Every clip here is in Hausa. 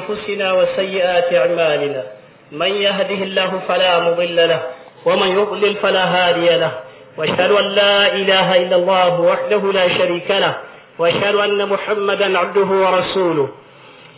أنفسنا وسيئات أعمالنا من يهده الله فلا مضل له ومن يضلل فلا هادي له واشهد أن لا إله إلا الله وحده لا شريك له واشهد أن محمدا عبده ورسوله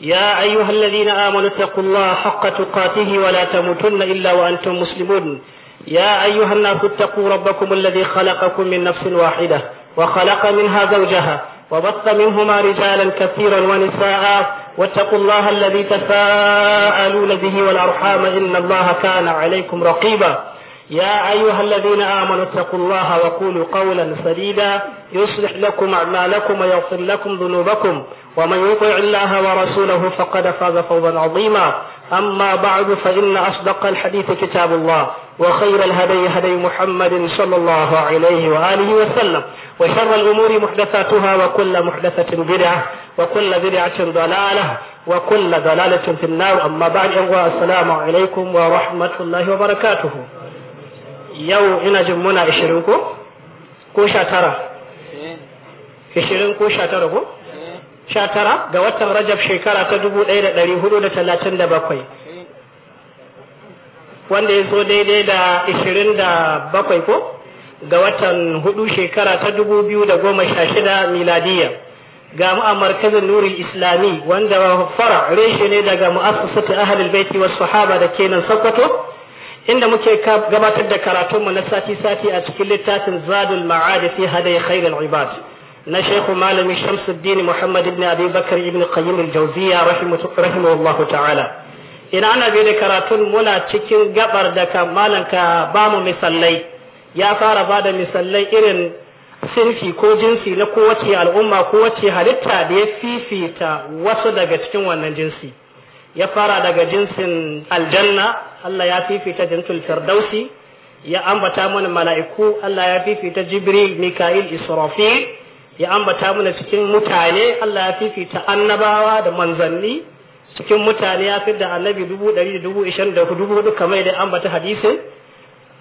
يا أيها الذين آمنوا اتقوا الله حق تقاته ولا تموتن إلا وأنتم مسلمون يا أيها الناس اتقوا ربكم الذي خلقكم من نفس واحدة وخلق منها زوجها وبث منهما رجالا كثيرا ونساء واتقوا الله الذي تساءلون به والأرحام إن الله كان عليكم رقيبا يا أيها الذين آمنوا اتقوا الله وقولوا قولا سديدا يصلح لكم أعمالكم ويغفر لكم ذنوبكم ومن يطع الله ورسوله فقد فاز فوزا عظيما أما بعد فإن أصدق الحديث كتاب الله وخير الهدي هدي محمد صلى الله عليه وآله وسلم وشر الأمور محدثاتها وكل محدثة بدعة وكل بدعة ضلالة وكل ضلالة في النار أما بعد السلام عليكم ورحمة الله وبركاته yau ina jin muna ishirin ko ko sha tara ishirin ko sha tara ko sha tara ga watan rajab shekara ta dubu ɗaya da ɗari hudu da talatin da bakwai wanda ya zo daidai da ishirin da bakwai ko ga watan hudu shekara ta dubu biyu da goma sha shida miladiyya ga mu'amar a nuri islami wanda fara reshe ne daga mu'assasatu ahalil baiti wasu sahaba da kenan sokoto inda muke gabatar da karatunmu na sati-sati a cikin littafin zadul ma'ad fi hadai khairul ibad na shehu malami shamsuddin muhammad ibn abi bakar ibn qayyim al-jawziya ta'ala ina ana bi karatun muna cikin gabar da malam malan ka ba mu misallai ya fara bada misallai irin sinfi ko jinsi na kowace al'umma kowace halitta da ya fifita wasu daga cikin wannan jinsi ya fara daga jinsin aljanna Allah ya fifita jinsin firdausi ya ambata mana mala'iku Allah ya fifita jibril mika'il israfil ya ambata mana cikin mutane Allah ya fifita annabawa da manzanni cikin mutane ya fi da annabi dubu ɗari da dubu ishirin da dubu hudu kamar da ambata hadisin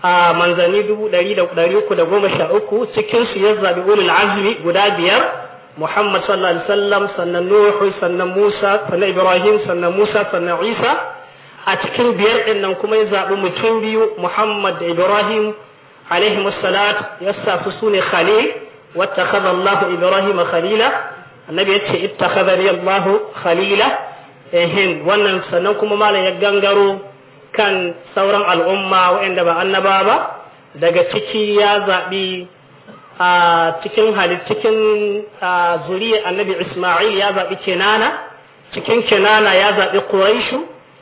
a manzanni dubu ɗari da ɗari uku da goma sha uku cikin su ya zaɓi ulul azumi guda biyar Muhammad sallallahu alaihi wasallam sannan sannan Musa sannan Ibrahim sannan Musa sannan Isa a cikin biyar din nan kuma ya zaɓi mutum biyu Muhammad da Ibrahim alaihi wassalat ya safi su ne khalil wattakhadha Ibrahim khalila annabi yace ittakhadha Allahu khalila ehin wannan sannan kuma malam ya kan sauran al'umma waɗanda ba annaba ba daga ciki ya zaɓi a cikin halit cikin zuriya annabi Ismail ya zaɓi Kenana cikin Kenana ya zaɓi Quraishu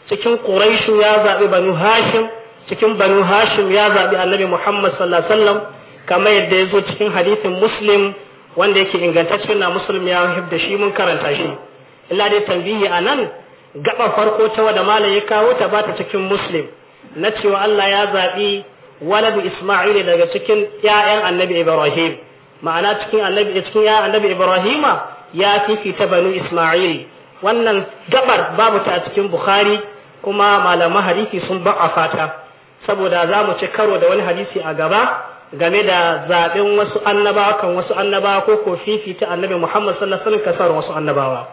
cikin Quraishu ya zaɓi Banu Hashim cikin Banu Hashim ya zaɓi annabi Muhammad sallallahu alaihi wasallam kamar yadda ya zo cikin hadithin Muslim wanda yake ingantaccen na Muslim ya da shi mun karanta shi illa dai tambihi a nan gaba farko ta da malam ya kawo ta bata cikin Muslim na cewa Allah ya zaɓi waladu Isma'il daga cikin ƴaƴan Annabi Ibrahim ma'ana cikin Annabi cikin ya fifita banu Isma'il wannan gabar babu ta a cikin Bukhari kuma malaman hadisi sun ba'a fata saboda za mu ci karo da wani hadisi a gaba game da zaɓen wasu annabawa kan wasu annabawa ko ko fifita annabi Muhammad sallallahu alaihi wasallam kasar wasu annabawa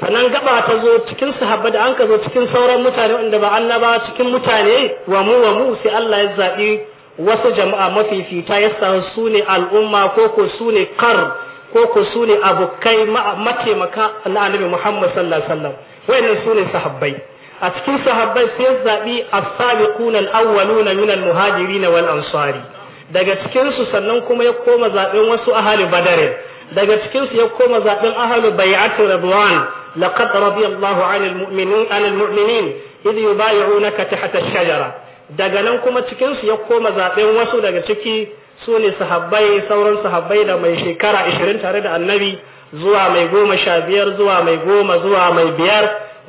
sannan gaba ta zo cikin sahabba da an ka zo cikin sauran mutane wanda ba annaba cikin mutane wa mu wa mu sai Allah ya zaɓi wasu jama'a mafifita ya sa su ne al'umma ko ko su ne kar ko ko su ne abokai mataimaka na annabi Muhammad sallallahu alaihi wasallam wayannan su ne sahabbai a cikin sahabbai sai ya zaɓi as-sabiquna al-awwaluna min al-muhajirin wal ansari daga cikin su sannan kuma ya koma zaɓen wasu ahali badare daga cikin su ya koma zaɓen ahli bai'atu radwan لقد رضي الله عن المؤمنين عن المؤمنين إذ يبايعونك تحت الشجرة daga nan kuma cikin su ya koma zaben wasu daga ciki su ne sahabbai sauran sahabbai da mai shekara 20 tare da annabi zuwa mai goma sha biyar zuwa mai goma zuwa mai biyar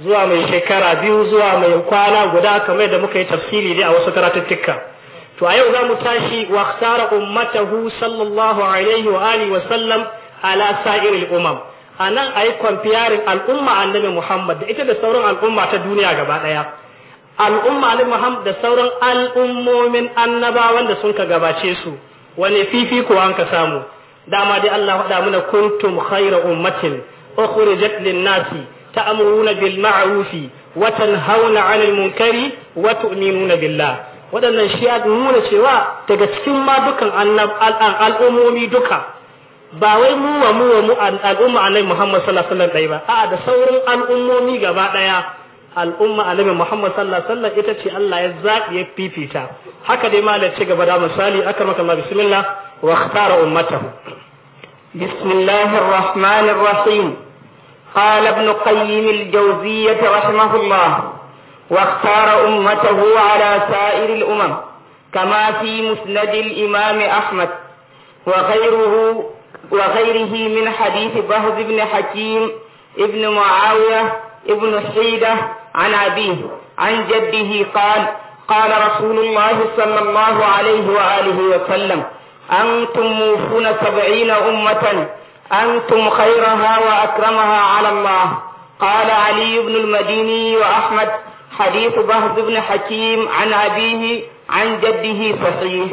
zuwa mai shekara biyu zuwa mai kwana guda kamar da muka yi tafsiri dai a wasu karatuttuka to a yau za mu tashi wa khsara ummatahu sallallahu alaihi wa alihi wa sallam ala sa'iril umam a nan a yi kwamfiyarin al'umma annabi Muhammad da ita da sauran al'umma ta duniya gaba ɗaya. Al'umma annabi Muhammad da sauran al'ummomin annabawan da sun ka gabace su, wani fifiko an ka samu. Dama dai Allah faɗa mana kuntum khaira ummatin, ukhrijat lin-nasi ta'muruna bil ma'rufi wa tanhauna 'anil munkari wa tu'minuna billah. Waɗannan shi nuna cewa daga cikin ma dukan al'ummomi duka ba wai mu wa mu wa mu al'umma annabi Muhammad sallallahu alaihi wasallam dai ba a'a da sauran al'ummomi gaba daya al'umma annabi Muhammad sallallahu alaihi wasallam ita ce Allah ya zabi ya fifita haka dai malai ce gaba da misali akramaka ma bismillah wa ikhtara ummatahu bismillahir rahmanir rahim qala ibn qayyim al-jawziyyah rahimahullah wa رحمه ummatahu ala أمته على سائر الأمم كما في مسند الإمام أحمد وغيره وغيره من حديث بهز بن حكيم ابن معاوية ابن حيدة عن أبيه عن جده قال قال رسول الله صلى الله عليه وآله وسلم أنتم موفون سبعين أمة أنتم خيرها وأكرمها على الله قال علي بن المديني وأحمد حديث بهز بن حكيم عن أبيه عن جده صحيح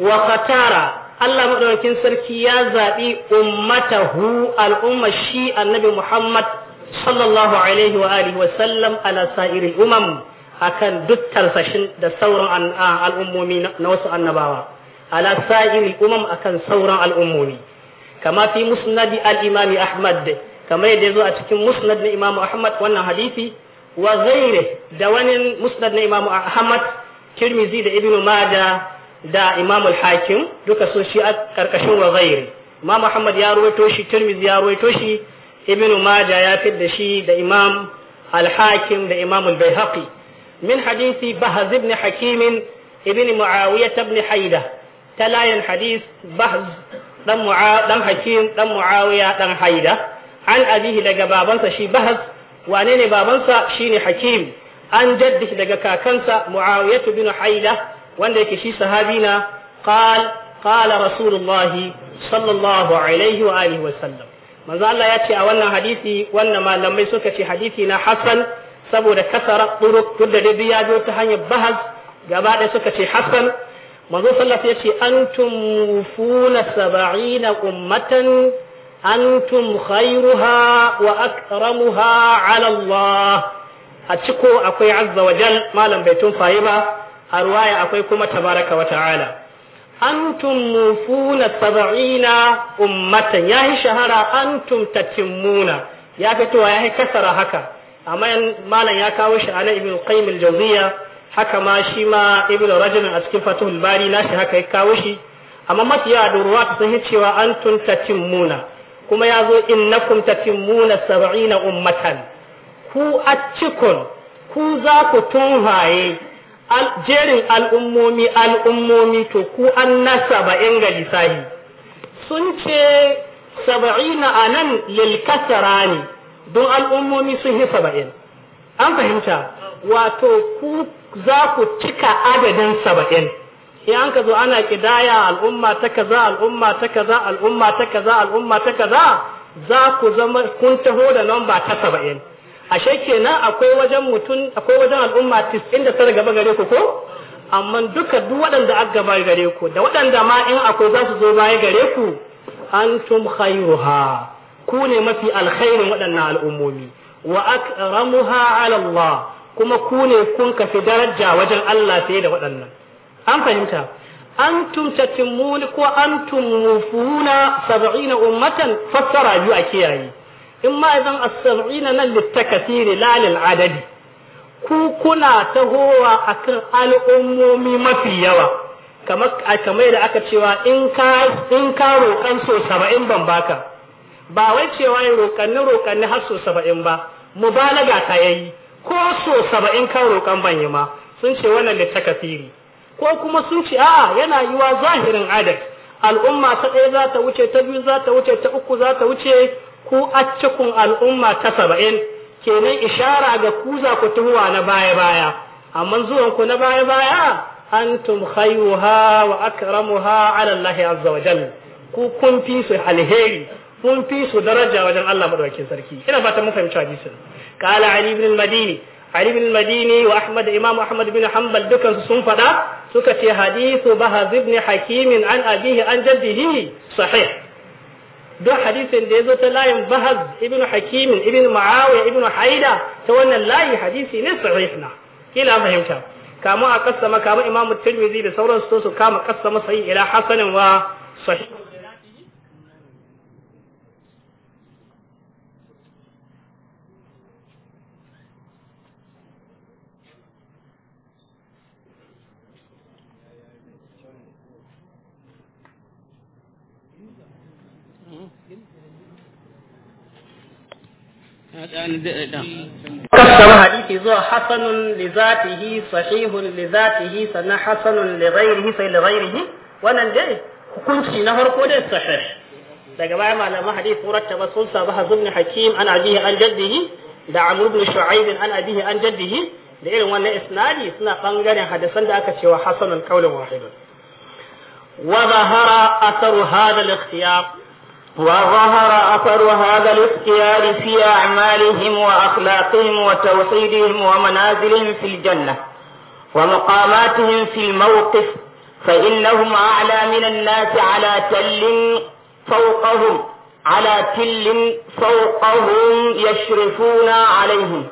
وختار Allah madaukakin sarki ya zaɓi ummatahu al'umma shi annabi Muhammad sallallahu alaihi wa alihi wa sallam ala sa'iril umam akan duk tarsashin da sauran al'ummomi na wasu annabawa ala sa'iril umam akan sauran al'ummomi kama fi musnadi al-imami Ahmad kamar yadda ya zo a cikin musnad na Imam Ahmad wannan hadisi wa zaire da wani musnad na Imam Ahmad Tirmidhi da Ibn Majah da imam al-hakim duka su shi a karkashin wa imam muhammad ya ruwaito shi tirmidhi ya ruwaito shi ibnu majah ya fidda shi da imam al-hakim da imam al-baihaqi min hadisi bahz ibn hakim ibn muawiyah ibn haida talayan hadis bahz dan mu'a dan hakim dan muawiya dan haida an abihi daga babansa shi bahz wane ne babansa shine hakim an jaddi daga kakansa muawiyah ibn haida wanda yake shi sahabi na qal qala rasulullah sallallahu alaihi wa alihi wa sallam manzo Allah ya ce a wannan hadisi wannan malamai suka ce hadisi na hasan saboda kasara turuk duk da dai ya ta hanyar bahas gaba da suka ce hasan manzo sallallahu ya ce antum mufuna sab'ina ummatan antum khairuha wa akramuha ala Allah a ciko akwai azza wajal malam bai tun ba a ruwaya akwai kuma tabaraka wa ta'ala antum mufuna sab'ina ummatan Ya yi shahara antum tatimmuna ya fitowa yi kasara haka amma malam ya kawo shi a ibnu qayyim al-jawziya haka ma shi ma ibnu rajul a cikin fatuhul bari shi haka ya kawo shi amma mafiya da ruwa sun cewa antum tatimmuna kuma ya zo innakum tatimmuna sab'ina ummatan ku a ku za ku tunhaye jerin al'ummomi al'ummomi to ku an na saba'in ga lisahi sun ce na a nan lalkasara ne don al'ummomi sun yi saba'in an fahimta wato ku za ku cika adadin saba'in ya an ka zo ana kidaya al'umma ta kaza al'umma ta kaza al'umma ta kaza al'umma ta kaza za ku zama kun taho da lamba ta saba'in ashe kenan akwai wajen mutum akwai wajen al'umma da 99 gaba gare ku ko amma duka duk waɗanda aka gaba gare ku da waɗanda ma in akwai za su zo baya gare ku antum khairuha ku ne mafi alkhairin waɗannan al'ummomi wa akramuha ala Allah kuma ku ne kun kafi daraja wajen Allah sai da waɗannan an fahimta antum tatimmun ko antum mufuna 70 ummatan fassara biyu a kiyaye in ma idan as nan littakasiri la lil adadi ku kuna tahowa akan al'ummomi mafi yawa kamar kamar da aka cewa in ka in ka roƙan so 70 ban baka ba wai cewa in roƙanni roƙanni har so 70 ba mubalaga ta yayi ko so 70 ka roƙan ban yi ma sun ce wannan littakasiri ko kuma sun ce a'a yana yiwa zahirin adad al'umma ta ɗaya za ta wuce ta biyu za ta wuce ta uku za ta wuce ku a cikin al'umma ta saba'in kenan ishara ga kuza ku tuhuwa na baya-baya amma zuwan ku na baya-baya antum khayruha wa akramuha ala Allah azza wa ku kun fi su alheri kun fi su daraja wajen Allah madaukakin sarki ina fata mun fahimci hadisin qala ali ibn al-madini ali ibn al-madini wa ahmad imam ahmad ibn hanbal dukan su sun fada suka ce hadithu bahaz ibn hakim an abihi an jaddihi sahih duk hadisin da ya zo ta layin bahaz ibn hakim ibn ma'awiya ibn haida ta wannan layi hadisi ne sahih na kila fahimta kamu a kasama kamu imamu tirmidhi da sauransu su kama kasama sahih ila hasanin wa sahih kassara hadisi zuwa hasanun lizatihi sahihun li zatihi sannan hasanun li sai li wannan dai hukunci na farko dai sahih daga baya malaman hadisi rattaba sun sabu hazm hakim an abihi an jaddihi da amr ibn shu'aib an an jaddihi da irin wannan isnadi suna bangaren hadisan da aka cewa hasanun qawlan wahidun wa zahara atharu hadha al-ikhtiyar وظهر أثر هذا الاختيار في أعمالهم وأخلاقهم وتوحيدهم ومنازلهم في الجنة ومقاماتهم في الموقف فإنهم أعلى من الناس على تل فوقهم على تل فوقهم يشرفون عليهم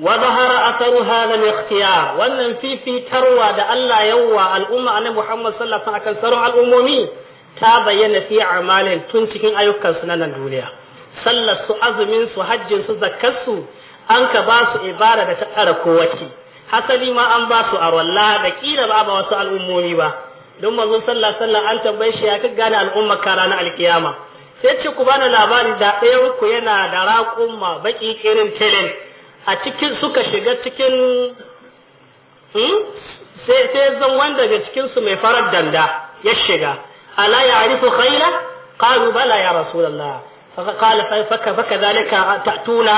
وظهر أثر هذا الاختيار وأن في في تروى الله يوى الأمة أن محمد صلى الله عليه وسلم كان سرع الأمومين ta bayyana fi amalin tun cikin ayyukansu na nan duniya sallar su azumin su hajjin su an ka ba su ibada da ta tsara kowace hasali ma an ba su arwalla da kila ba ba wasu al'ummomi ba don manzon sallah sallah an tambaye shi ya kaga gane al'umma kara na alkiyama sai ce ku bani labari da ɗayan ku yana da raƙuma baki irin telen a cikin suka shiga cikin hmm? sai zan wanda daga cikinsu mai farar danda ya shiga ألا يعرف خيلة قالوا بلى يا رسول الله فقال فكذلك تأتون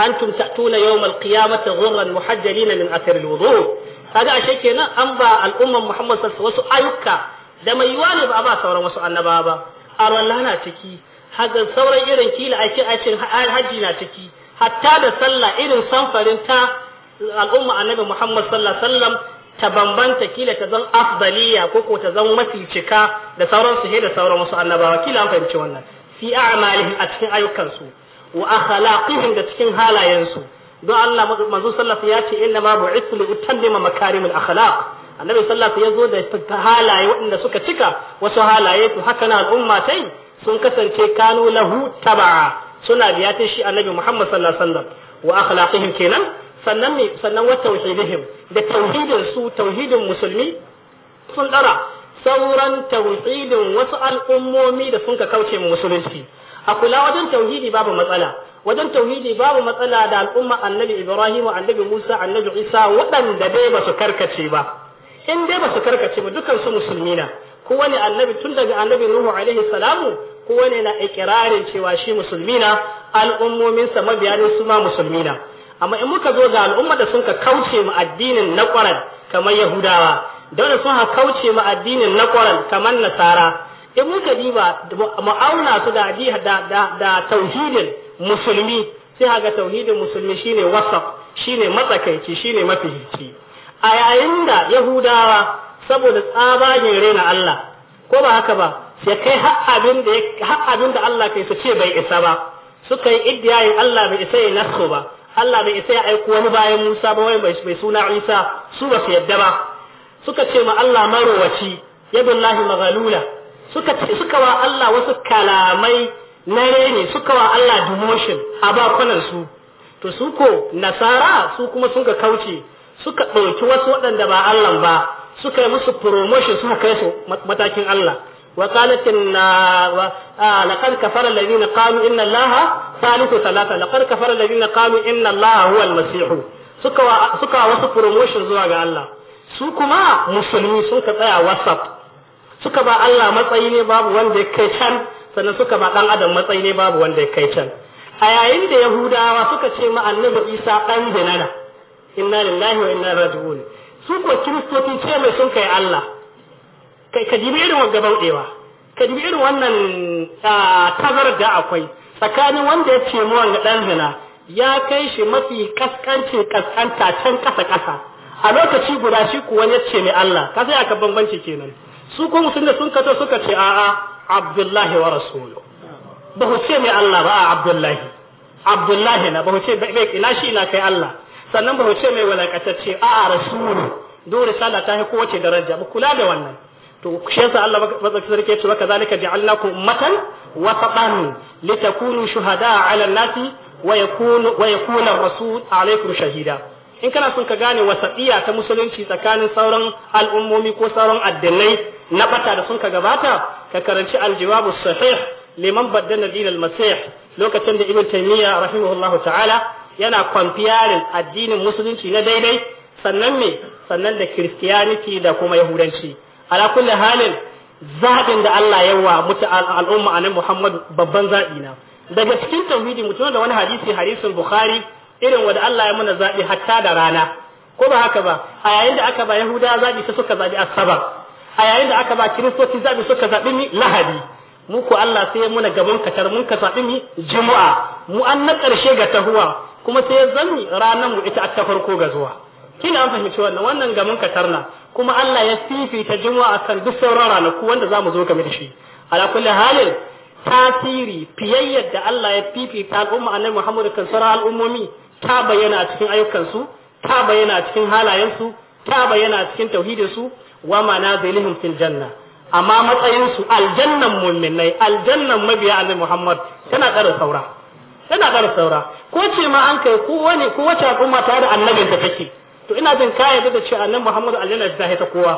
أنتم تأتون يوم القيامة غرا محجلين من أثر الوضوء هذا شيء كنا أنبا الأمة محمد صلى الله عليه وسلم أيوكا دم يواني بأبا صورة وسوء النبا أبا أروا الله ناتكي هذا صورة إيرن كيل أشن هجي ناتكي حتى دا صلى إيرن صنفر انتا الأمة النبي محمد صلى الله عليه وسلم ta bambanta kila ta zan afdaliya ko ko ta zan mafi cika da sauran su da sauran wasu annabawa kila an fahimci wannan fi a'malihim a cikin ayyukansu wa akhlaqihim da cikin halayensu don Allah manzo sallallahu ya ce inna ma bu'ithu li utammima makarimul akhlaq annabi sallallahu ya zo da halaye waɗanda suka cika wasu halaye to haka na al'umma tai sun kasance kanu lahu suna biya ta shi annabi Muhammad sallallahu alaihi wasallam wa akhlaqihim kenan sannan mai sannan wa tauhidihim da tauhidin su tauhidin musulmi sun dara sauran tauhidin wasu al'ummomi da sun ka kauce mu musulunci a kula wajen tauhidi babu matsala wajen tauhidi babu matsala da al'umma annabi ibrahim annabi musa annabi isa waɗanda dai ba su karkace ba in dai ba su karkace ba dukan su musulmi na annabi tun daga annabi nuhu alaihi salamu kowane na ikirarin cewa shi musulmi na al'ummominsa mabiya su ma musulmi na amma in muka zo ga al'umma da sun ka kauce mu addinin na ƙwarar kamar yahudawa da wanda sun ka kauce mu addinin na ƙwarar kamar nasara in muka diba ma'auna su da da da tauhidin musulmi sai ga tauhidin musulmi shine wasaf shine matsakaici shine mafihici a yayin da yahudawa saboda tsabagen rena Allah ko ba haka ba sai kai har abin da har abin da Allah kai su ce bai isa ba suka yi iddiyayin Allah bai isa ya nasu ba Allah bai isa ya aiko wani bayan Musa ba wai mai suna Isa su ba su yadda ba suka ce ma Allah marowaci yadullahi maghalula suka suka wa Allah wasu kalamai na rene suka wa Allah demotion a bakunan su to su ko nasara su kuma sun ka kauce suka ɗauki wasu waɗanda ba Allah ba suka yi musu promotion suka kai su matakin Allah وقالت إن آه لقد كفر الذين قالوا إن الله ثالث ثلاثة لقد كفر الذين قالوا إن الله هو المسيح suka wasu promotion zuwa ga Allah su kuma musulmi sun ka tsaya whatsapp suka ba Allah matsayi ne babu wanda ya kai can sannan suka ba ɗan adam matsayi ne babu wanda ya kai can a yayin da yahudawa suka ce ma annabi isa dan dinana inna lillahi wa inna ilaihi raji'un su ko kiristoci ce mai sun kai Allah kai ka dibi irin wanga bauɗewa ka dibi irin wannan tazar da akwai tsakanin wanda ya ce mu wanga ɗan zina ya kai shi mafi kaskancin kaskanta can ƙasa ƙasa a lokaci guda shi kuwa ya ce mai Allah ka sai aka bambanci kenan su ko sun sun kato suka ce a'a Abdullahi wa rasulu ba ku ce mai Allah ba a Abdullahi Abdullahi na ba ku ce bai ina shi ina kai Allah sannan ba ku ce mai walakatacce a'a rasulu dole sallah ta yi kowace daraja ba kula da wannan to shi yasa Allah madaukakin sarki ya ce wa kazalika ja'alnakum ummatan wasatan litakunu shuhada'a 'ala an-nasi wa yakunu wa yakuna ar-rasul 'alaykum shahida in kana son ka gane wasatiya ta musulunci tsakanin sauran al'ummomi ko sauran addinai na bata da sun ka gabata ka karanci al-jawabu sahih liman baddana din al-masih lokacin da ibn taymiya rahimahullahu ta'ala yana kwamfiyarin addinin musulunci na daidai sannan me sannan da christianity da kuma yahudanci ala kulli halin zaɓin da Allah ya yawa muta al'umma anan Muhammadu babban zaɓi na daga cikin tauhidi mutum da wani hadisi hadisin Bukhari irin wanda Allah ya mana zaɓi hatta da rana ko ba haka ba a yayin da aka ba Yahuda zaɓi sai suka zaɓi Asabar a yayin da aka ba Kiristoci zaɓi suka zaɓi ni Lahadi mu ko Allah sai muna gaban katar mun ka zaɓi ni Jumu'a mu an na ƙarshe ga tahuwa kuma sai ya zanni ranar mu ita ta farko ga zuwa kina an fahimci wannan wannan ga munkatar na kuma Allah ya fifita jumu'a akan duk sauran ranaku wanda zamu zo game da shi ala kulli halin tasiri fiyayyar da Allah ya fifita al'umma annabi Muhammad kan sauran al'ummomi ta bayyana a cikin ayyukansu ta bayyana a cikin halayensu ta bayyana a cikin tauhidinsu wa manazilihim fil janna amma matsayinsu aljannan mu'minai aljannan mabiya annabi Muhammad tana ƙara saura tana ƙara saura ko ce ma an kai ko wani ko wace al'umma tare da annabinta take to ina jin ka yarda da cewa annabi Muhammadu aljanna ta ta kowa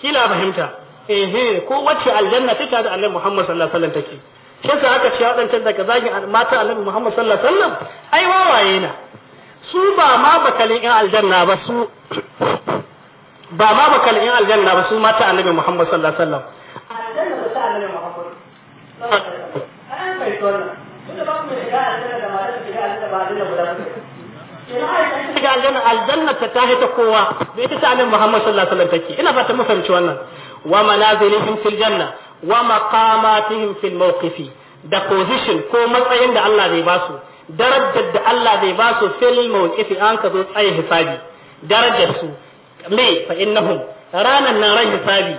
kila fahimta eh eh ko wacce aljanna ta ta da annabi muhammadu sallallahu alaihi wasallam take sai sa aka ce wadancan daga zagin mata annabi Muhammad sallallahu alaihi wasallam ai wawaye na su ba ma bakalin aljanna ba su ba ma bakalin aljanna ba su mata annabi muhammadu sallallahu alaihi wasallam aljanna ta annabi Muhammad sallallahu alaihi wasallam ai bai tona da ba mu shiga aljanna da ma da shiga aljanna ba da guda ga aljanna aljanna ta tahi ta kowa da ita ta annabi Muhammad sallallahu alaihi wasallam take ina fata ta fahimci wannan wa manazilihim fil janna wa maqamatihim fil mawqifi da position ko matsayin da Allah zai basu darajar da Allah zai basu fil mawqifi an ka zo tsaye hisabi darajar su me fa innahum ranan nan ran hisabi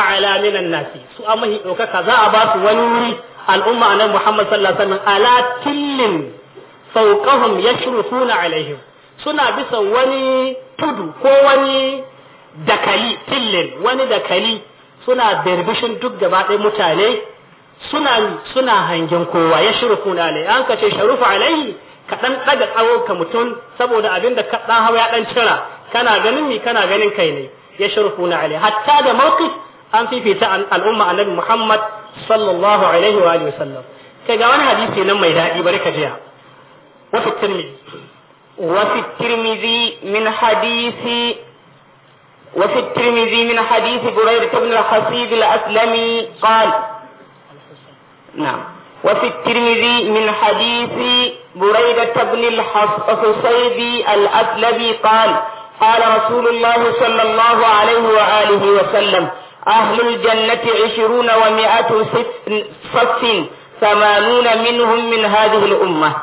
a'la minan nasi su amma hi dokaka za a basu wani al'umma annabi Muhammad sallallahu alaihi wasallam ala tillin fawqahum yashrufuna alaihim suna bisa wani tudu ko wani dakali tillin wani dakali suna birbishin duk gaba ɗaya mutane suna suna hangen kowa ya shirufu na alai an ka ce sharufu alaihi ka ɗan ɗaga tsawo ka mutum saboda abin da ɗan hawa ya ɗan cira kana ganin mi kana ganin kai ne ya shirufu na hatta da mawqif an fifita al'umma annabi muhammad sallallahu alaihi wa sallam kai ga wani hadisi nan mai daɗi bari ka jiya وفي الترمذي وفي الترمذي من حديث وفي الترمذي من حديث بريرة بن الحصيب الأسلمي قال نعم وفي الترمذي من حديث بريدة بن الحصيب الأسلمي قال قال رسول الله صلى الله عليه وآله وسلم أهل الجنة عشرون ومائة صف ثمانون منهم من هذه الأمة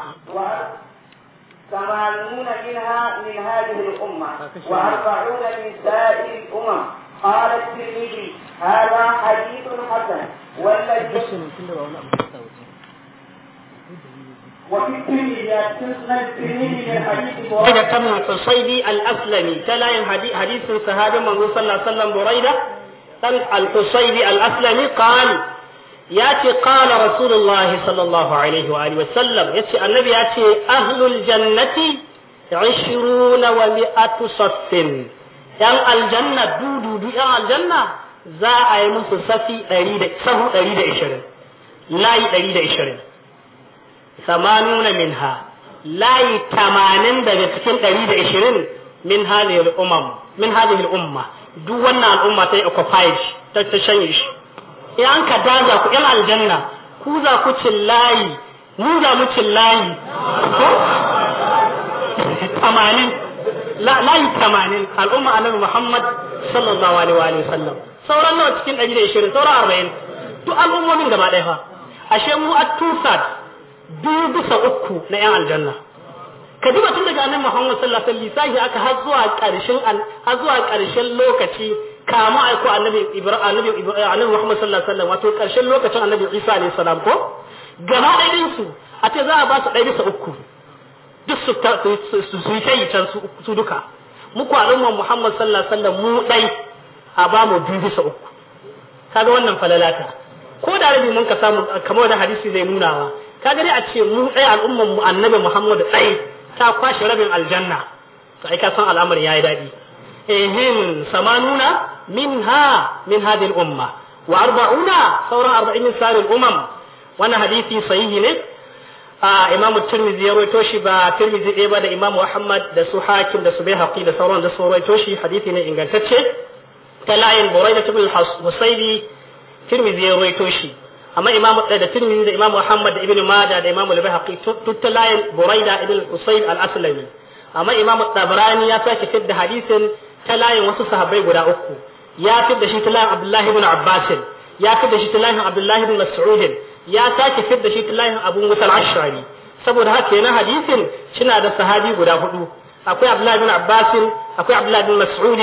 ثمانون منها من هذه الأمة وأربعون من سائر الأمم قال الترمذي هذا حديث حسن والذي وفي الترمذي سنن الترمذي من حديث بريدة الحصيبي الأسلمي تلا حديث صحابي من صلى الله عليه وسلم بريدة الحصيبي الأسلمي قال ياتي قال رسول الله صلى الله عليه واله وسلم ياتي النبي ياتي اهل الجنه عشرون ومئة صف يان الجنة دودو دو يان الجنة زا اي مسو صفي اريد صفو اريد اشرين لاي اريد اشرين ثمانون منها لاي تمانين دغا cikin اريد اشرين من هذه الامم من هذه الامه دو ونا الامه تي اكو فايج تشنيش in an ka daza ku yan aljanna ku za ku cin layi mu za mu cin layi ko tamanin layi tamanin al'umma annabi muhammad sallallahu alaihi wa sallam sauran nawa cikin ɗari da ishirin sauran arba'in duk al'ummomin gaba ɗaya fa ashe mu a tusad biyu bisa uku na yan aljanna ka duba tun daga annabi muhammad sallallahu alaihi wa sallam aka har zuwa har zuwa ƙarshen lokaci kamu aiko annabi ibrahim annabi ibrahim annabi muhammad sallallahu alaihi wasallam wato karshen lokacin annabi isa alaihi salam ko gaba ɗayan su a ce za a ba su ɗaya bisa uku duk su ta su yi tayi can su duka mu ko al'umma muhammad sallallahu alaihi wasallam mu ɗai a ba mu biyu bisa uku kaga wannan falalata ko da rabi mun ka samu kamar wannan hadisi zai nunawa kaga dai a ce mu ɗai al'umman mu annabi muhammad ɗai ta kwashe rabin aljanna to ai ka san al'amari yayi daɗi ehem samanuna منها من هذه الأمة وأربعون ثورة أربعين من سائر الأمم وانا حديثي صحيح ne a ah, imam tirmidhi ya rawaito shi ba tirmidhi ɗaya ba da imam muhammad da su hakim da su bai haƙi da sauran da su rawaito shi ne ingantacce ta layin da tibul husaybi tirmidhi ya rawaito amma imam eh, da tirmidhi da imam muhammad da ibnu majah da imam al-baihaqi duk ta layin borai da ibn husayb al-aslami amma imam tabarani ya sake fitar da hadisin ta layin wasu sahabbai guda uku ya fidda shi ta layin abdullahi bin abbas ya fidda shi ta layin abdullahi bin mas'ud ya sake fidda shi ta layin abu musa ashari saboda haka yana hadisin kina da sahabi guda hudu akwai abdullahi bin abbas akwai abdullahi bin mas'ud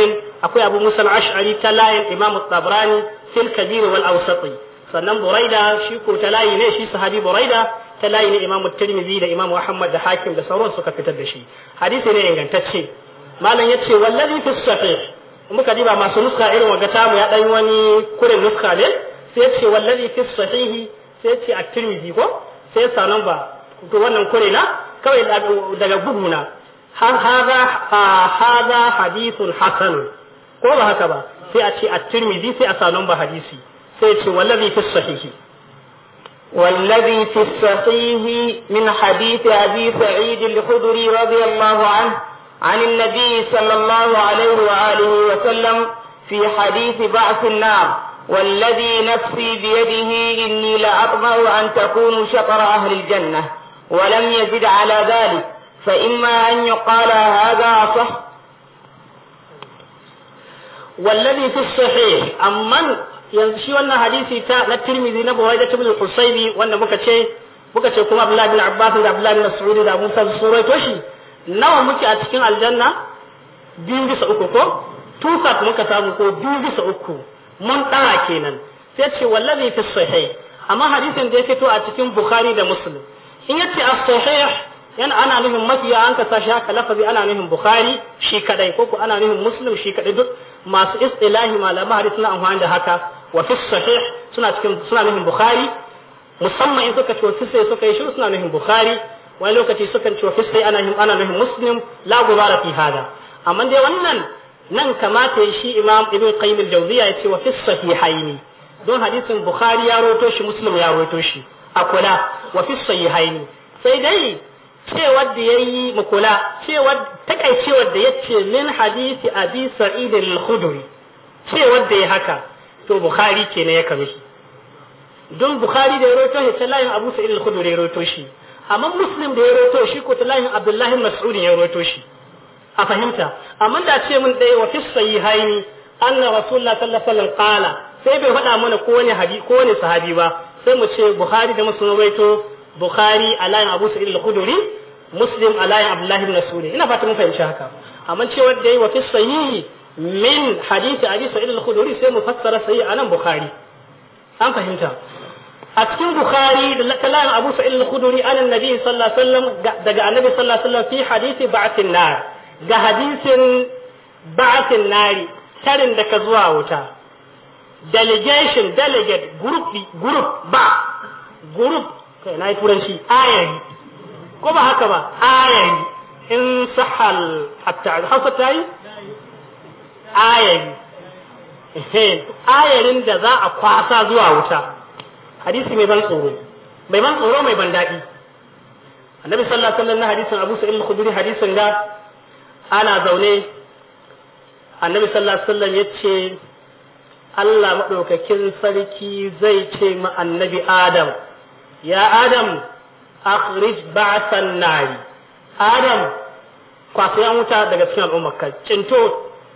akwai abu musa ashari ta layin imam at-tabrani fil kabir wal awsati sannan buraida shi ko ta layi ne shi sahabi buraida ta layi ne imam at-tirmidhi da imam ahmad da hakim da sauran suka fitar da shi hadisi ne ingantacce malam yace wallazi fi sahih in muka diba masu nuska irin wa gata mu ya dan wani kurin nuska ne sai ce wallazi fi sahihi sai ce at-tirmidhi ko sai sa lamba to wannan kure na kawai daga bugu na hadha hadithun hasan ko ba haka ba sai a ce at-tirmidhi sai a sa lamba hadisi sai ce wallazi fi sahihi والذي في الصحيح من حديث أبي سعيد الخدري رضي الله عنه عن النبي صلى الله عليه وآله وسلم في حديث بعث النار والذي نفسي بيده إني لأطمع أن تكون شطر أهل الجنة ولم يزد على ذلك فإما أن يقال هذا صح والذي في الصحيح أما ينشي وانا حديثي تا نترمي ذي بن القصيبي وانا بكتشي بكتشي كما عبد الله بن عباس عبد الله بن مسعود عبد الله بن nawa muke a cikin aljanna biyu bisa uku ko tukat muka samu ko biyu bisa uku mun ɗara kenan sai ce wallazi fi sahih amma hadisin da ya fito a cikin bukhari da muslim in yace as-sahih yana ana nufin mafiya an ka shi haka lafazi ana nufin bukhari shi kadai ko ko ana nufin muslim shi kadai duk masu istilahi malama hadisi na amfani da haka wa fi sahih suna cikin suna nufin bukhari musamman in suka ce wasu sai suka yi shi suna nufin bukhari wani lokaci sukan ce wa fiskai ana yin ana nufin muslim la gubara fi hada amma dai wannan nan kamata ya shi imam ibn qayyim al-jawziya ya ce wa fi sahihaini don hadisin bukhari ya roto shi muslim ya roto shi a kula wa fi sahihaini sai dai cewar da yayi mu kula cewar takaicewar da yace min hadisi abi sa'id al-khudri cewar da ya haka to bukhari kenan ya kame shi don bukhari da ya roto shi sai layin abu sa'id al-khudri ya roto shi amma muslim da ya roto shi ko talahin abdullahi mas'udin ya roto shi a fahimta amma da ce mun ɗaya wa fi sahihaini anna rasulullah sallallahu alaihi wasallam qala sai bai faɗa mana ko wani hadisi ko wani sahabi ba sai mu ce Buhari da muslim roto bukhari alayin abu sa'id al-khudri muslim alayin abdullahi ibn ina fata mun fahimci haka amma ce wanda yi wa fi sahihi min hadisi abi sa'id al-khudri sai mu fassara sahih anan bukhari an fahimta a cikin bukhari da kalam abu sa'id al-khudri an annabi sallallahu alaihi wasallam daga annabi sallallahu alaihi wasallam fi hadisi ayarin da za a kwasa zuwa wuta hadisi mai ban tsoro mai ban tsoro mai ban daɗi annabi sallallahu alaihi wasallam na hadisin Abu Sa'id al-Khudri hadisin da ana zaune annabi sallallahu alaihi wasallam yace Allah madaukakin sarki zai ce ma annabi Adam ya Adam akhrij ba'san nari Adam kwasu yan wuta daga cikin kai cinto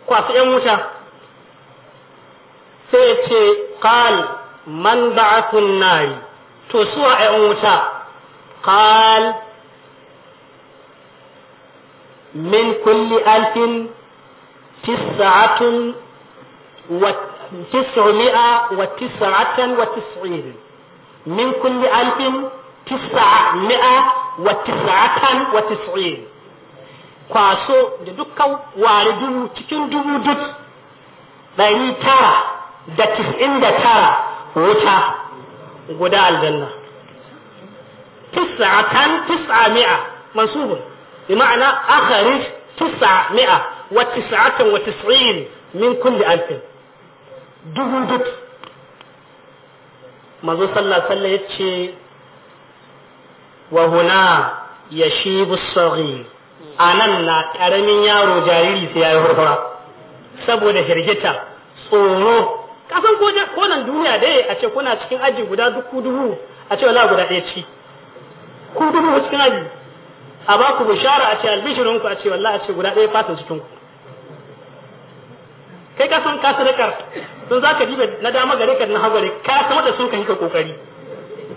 kwasu yan wuta sai ya ce qal man ba'athun nari to suwa ayan wuta kal min kulli alfin tis'atun wa tis'umi'a wa tis'atan wa min kulli alfin tis'ami'a wa tis'atan wa tis'in kwaso da dukkan ware dubu cikin dubu duk ɗari tara da tis'in da tara wuta guda aljanna tis'atan tis'a mi'a mansubun bi ma'ana akhrij tis'a mi'a wa tis'atan wa tis'in min kulli alfin dubu duk mazo sallah sallah yace wa huna yashibu as-saghir anan na karamin yaro jariri sai yayi hurhura saboda hirgita tsoro kasan ko ko nan duniya dai a ce kuna cikin aji guda duku dubu a ce wala guda ɗaya ci ku dubu cikin aji a ba ku bishara a ce albishirinku a ce wallahi a ce guda ɗaya fatan cikin ku kai ka san da kar sun za ka dibe na dama gare ka na hagware ka san wanda sun kai ka kokari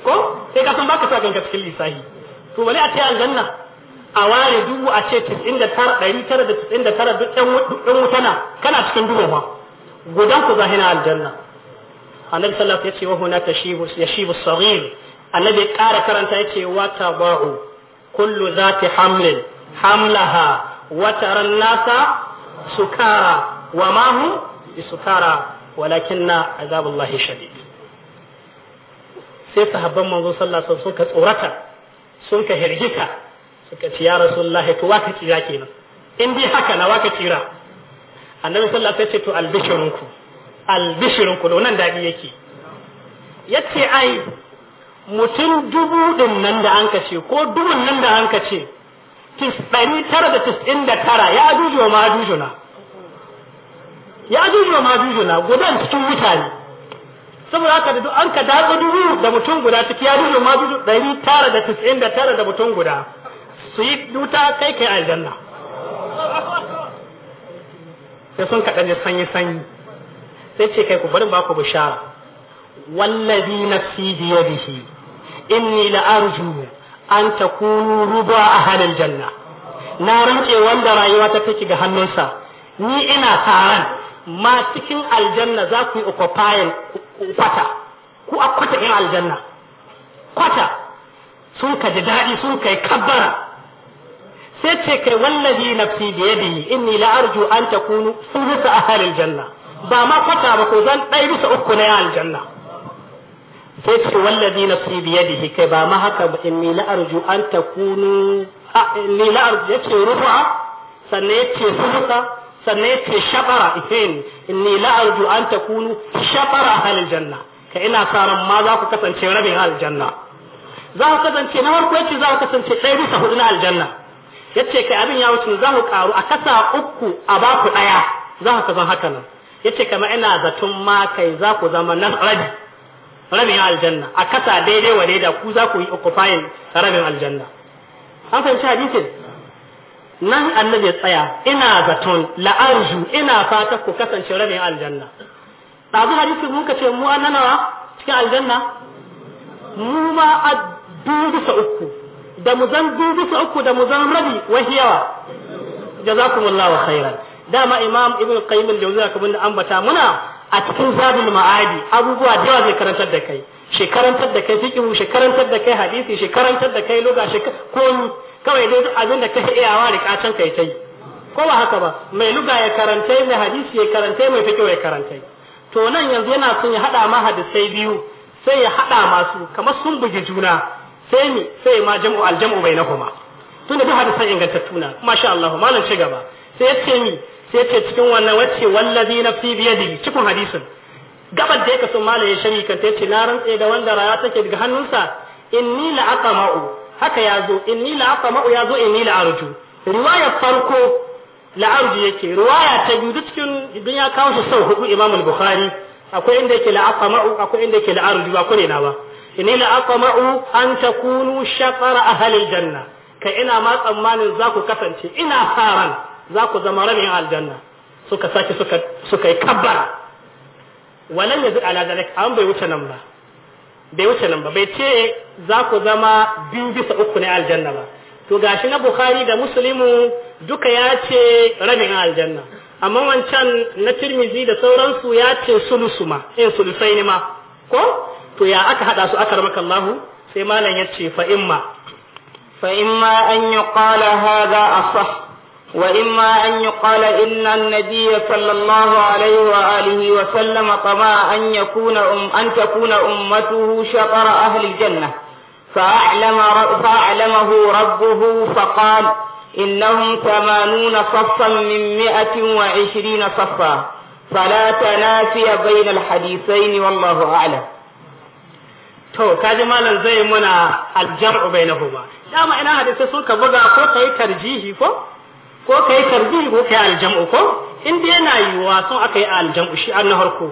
ko kai ka san baka sa kanka cikin lissahi to bale a ce aljanna a ware dubu a ce 99 duk ɗan wutana kana cikin dubu ba gudan ku za hina aljanna annabi sallallahu alaihi wasallam yace wa hunaka yashibu saghir annabi ya ƙara karanta yace wa tabahu kullu zati hamlin hamlaha wa taran nasa sukara wa ma hum bisukara walakinna azabullahi shadid sai sahabban manzo sallallahu alaihi wasallam suka tsorata sun ka hirgita suka ce ya rasulullahi to waka tsira kenan in dai haka na waka tsira annabi sallallahu alaihi wasallam ya ce to albishirunku albishirunku da wannan dadi yake yace ai mutum dubu din nan da an kace ko dubun nan da an kace tis ɗari tara da tis'in da tara ya ajuju ma jujuna ya ajuju ma jujuna gudan cikin mutane saboda haka da duk an ka daga dubu da mutum guda ciki ya ajuju ma juju ɗari tara da tis'in da tara da mutum guda su yi duta kai kai aljanna sai sun kaɗan ji sanyi sanyi sai ce kai ku bari ba ku bishara wallazi nafsi bi yadihi inni la arju an takunu ruba ahlil janna na rance wanda rayuwa ta take ga hannunsa ni ina taron. ma cikin aljanna za ku yi okopayin kwata ku a kwata in aljanna kwata sun ka ji daɗi sun kai kabbara sai ce kai wallazi nafsi bi yadihi inni la arju an takunu a halin janna ba ma kwata ba ko zan ɗai bisa uku na aljanna sai ce wallazi nafsi bi yadihi kai ba ma haka ba in ni arju an takunu inni la arju yace rufa sannan ya ce yace sulusa sannan ya yace shabara itain inni la arju an takunu shabara halin janna ka ina sa ran ma za ku kasance rabin aljanna za ku kasance na farko yace za ku kasance ɗai bisa hudu na aljanna yace kai abin ya wuce za karu a kasa uku a baku ku daya za ku san haka nan yace kamar ina zaton ma kai za ku zama nan rabi rabin aljanna a kasa daidai wa daida ku za ku yi occupying rabin aljanna an fahimci hadisin nan annabi tsaya ina zaton la'arju ina fata ku kasance rabin aljanna ɗazu hadisi mun ka ce mu annanawa cikin aljanna mu ma a dubu sa uku da mu zan biyu uku da mu zan rabi wahi yawa jazakumullahu khairan dama imam ibn qayyim al-jawziya kamar da ambata muna a cikin zadul ma'adi abubuwa da yawa zai karantar da kai shi karantar da kai fiqhu shi karantar da kai hadisi shi karantar da kai lugha shi komi kawai dai abin da kai iyawa da kacan kai kai ko ba haka ba mai lugha ya karantai mai hadisi ya karantai mai fiqhu ya karantai to nan yanzu yana son ya hada ma hadisai biyu sai ya hada masu kamar sun buge juna sai mi sai ma jam'u aljamu bainahuma tunda duk hadisan ingantattu na masha Allah malam ci gaba sai ya ce mi sai ya ce cikin wannan wacce wallazi nafsi biyadi cikin hadisin gabar da yake son malam ya shari kan ce na rantse da wanda raya take daga hannunsa inni la aqma'u haka yazo inni la aqma'u yazo inni la arju riwaya farko la arju yake riwaya ta biyu cikin dun ya kawo shi sau hudu imamul bukhari akwai inda yake la aqma'u akwai inda yake la arju ko ne na ba inni la aqma'u an takunu shatara ahli aljanna ka ina ma tsammanin za ku kasance ina faran za ku zama rabin aljanna suka saki suka suka yi kabbara walan yazi ala zalik an bai wuce nan ba bai wuce nan ba bai ce za ku zama biyu bisa uku ne aljanna ba to gashi na bukhari da muslimu duka ya ce rabin aljanna amma wancan na tirmizi da sauransu ya ce sulusu ma eh sulusai ne ma ko to ya aka hada su aka ramaka Allah sai malam ya ce fa imma fa imma an yuqala hadha asah wa imma an yuqala inna an-nabiy sallallahu alaihi wa alihi wa sallam tama an yakuna um an takuna ummatuhu shatar ahli al-jannah فأعلم فأعلمه ربه فقال إنهم ثمانون صفا من مئة وعشرين صفا فلا تنافي بين الحديثين والله أعلم to kaji malam zai muna aljam'u bainahuma dama ina hadisi sun ka buga ko kai tarjihi ko ko kai tarjihi ko kai aljam'u ko in dai yana wa sun aka yi aljam'u shi an na harko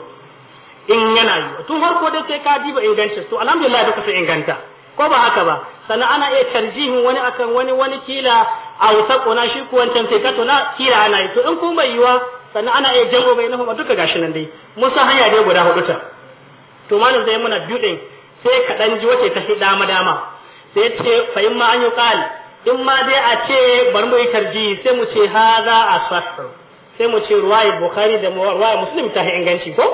in yana yi tun harko dai sai ka diba ingancin to alhamdulillah duka sun inganta ko ba haka ba sannan ana iya tarjihin wani akan wani wani kila a wuta kona shi ko wancan sai kato na kila ana yi to in kuma yiwa sannan ana iya jango bai ba duka gashi nan dai mun san hanya dai guda hudu ta to malam zai muna biyu din sai ka dan ji wace ta hida dama dama sai ce fa in ma an yuqal in ma dai a ce bar mu yi tarji sai mu ce hadha asahhu sai mu ce ruwaye bukhari da ruwaya muslim ta hi inganci ko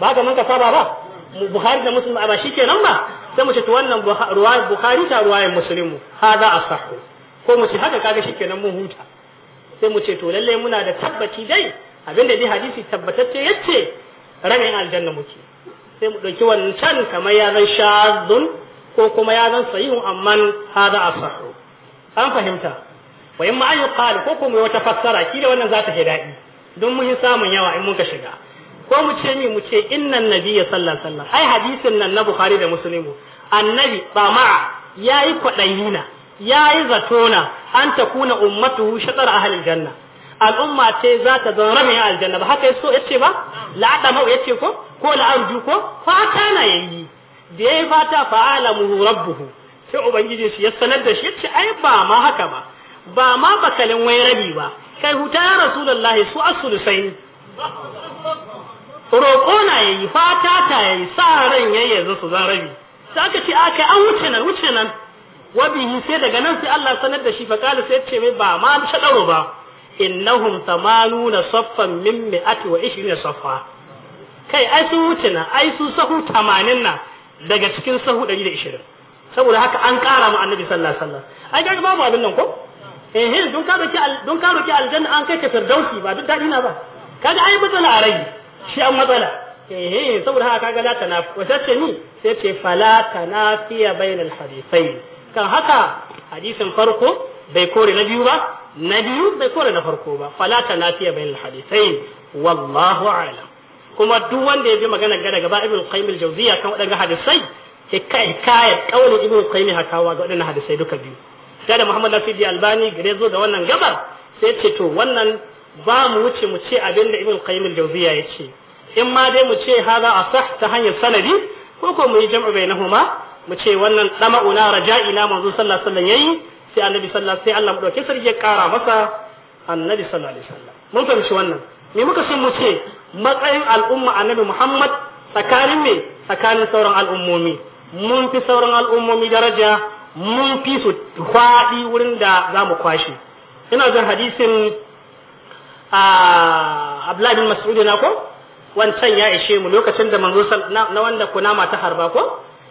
ba ga mun ka saba ba bukhari da muslim ba shi kenan ba sai mu ce to wannan ruwaya bukhari ta ruwaya muslim hadha asahhu ko mu ce haka kaga kenan mun huta sai mu ce to lalle muna da tabbaci dai abinda dai hadisi tabbatacce yace ranin aljanna muke sai mu ɗauki wancan kamar ya zan shazun ko kuma ya zan sahihun amma a asahu an fahimta wa yin ma ko kuma wata fassara kila wannan za ta ke daɗi don mun yi samun yawa in muka shiga ko mu ce mi mu ce innan nabiyya sallallahu alaihi wasallam ai hadisin nan na bukhari da muslimu annabi ba ma'a yayi yi yayi na an takuna ummatu shatar ahalin janna al'umma ce za ta zan ramin aljanna ba haka yaso yace ba la'ada ya yace ko ko la'arju ko fata na yayi da yayi fata fa'alamu rabbuhu sai ubangiji shi ya sanar da shi yace ai ba ma haka ba ba ma bakalin wai rabi ba kai huta ya rasulullahi su asulusai roƙo na yayi fata ta yayi sa ran yayi yanzu su zan rabi sai aka ce aka an wuce nan wuce nan wabihi sai daga nan sai Allah sanar da shi fa kala sai ya ce mai ba ma shaɗaro ba innahum samanuna saffan min mi'ati wa da saffa kai ai su wuce na ai su sahu 80 na daga cikin sahu 120 saboda haka an kara mu annabi sallallahu alaihi wasallam ai ga babu abin nan ko eh hin don ka roki don ka roki aljanna an kai ka firdausi ba duk dadi na ba kaga ai matsala a rai shi an matsala eh saboda haka kaga la na wata ce ni sai ce fala tanafiya bainal hadithain kan haka hadisin farko bai kore na biyu ba na biyu bai kore na farko ba fala ta lafiya bayan hadisai wallahu a'lam kuma duk wanda ya bi magana gada gaba ibn qayyim al-jawziyya kan wadannan hadisai hikayat qawlu ibn qayyim hakawa ga wadannan hadisai duka biyu da muhammad nasidi albani gare zo da wannan gabar sai ce to wannan ba mu wuce mu ce abinda ibn qayyim al-jawziyya ya ce in ma dai mu ce hada asah ta hanyar sanadi ko ko mu yi jam'u bainahuma mu ce wannan dama'una raja'ina manzo sallallahu alaihi wasallam yayi sai annabi sallallahu sai Allah madauke sarki ya kara masa annabi sallallahu alaihi wasallam mun fahimci wannan me muka san mu ce matsayin al'umma annabi Muhammad tsakanin me tsakanin sauran al'ummomi mun fi sauran al'ummomi daraja mun fi su faɗi wurin da za mu kwashe ina jin hadisin a Abdullahi bin Mas'ud na ko wancan ya ishe mu lokacin da manzo na wanda kuna ta harba ko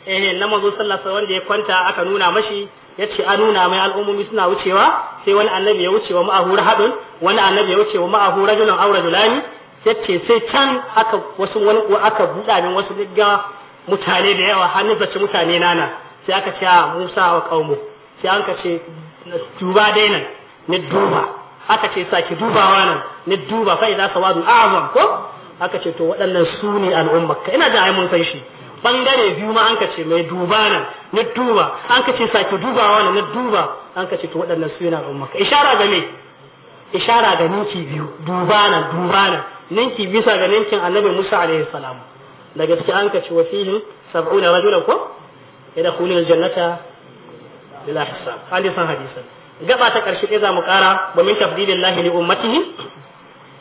eh na manzo sallallahu alaihi wanda ya kwanta aka nuna mashi yace a nuna mai al'ummomi suna wucewa sai wani annabi ya wuce wa ma'ahu rahadun wani annabi ya wuce wa ma'ahu rajulun aw rajulani yace sai can aka wasu wani aka buda min wasu digga mutane da yawa hannun zace mutane nana sai aka ce ah, Musa wa kaumu sai an ka ce duba dai nan ni duba aka ce saki dubawa nan ni duba fa idza sawadu a'zam ko aka ce to waɗannan su ne al'ummarka ina da ai mun san shi bangare biyu ma an kace mai duba nan na duba an kace sake dubawa na duba an kace to waɗannan su yana ban maka ishara ga me ishara ga ninki biyu duba nan duba nan ninki bisa ga ninkin annabi Musa alaihi salam da gaske an kace wa fihim sab'una rajulan ko ila khulil jannata bila hisab hadisan hadisan gaba ta karshe za mu kara ba min tafdilillahi li ummatihi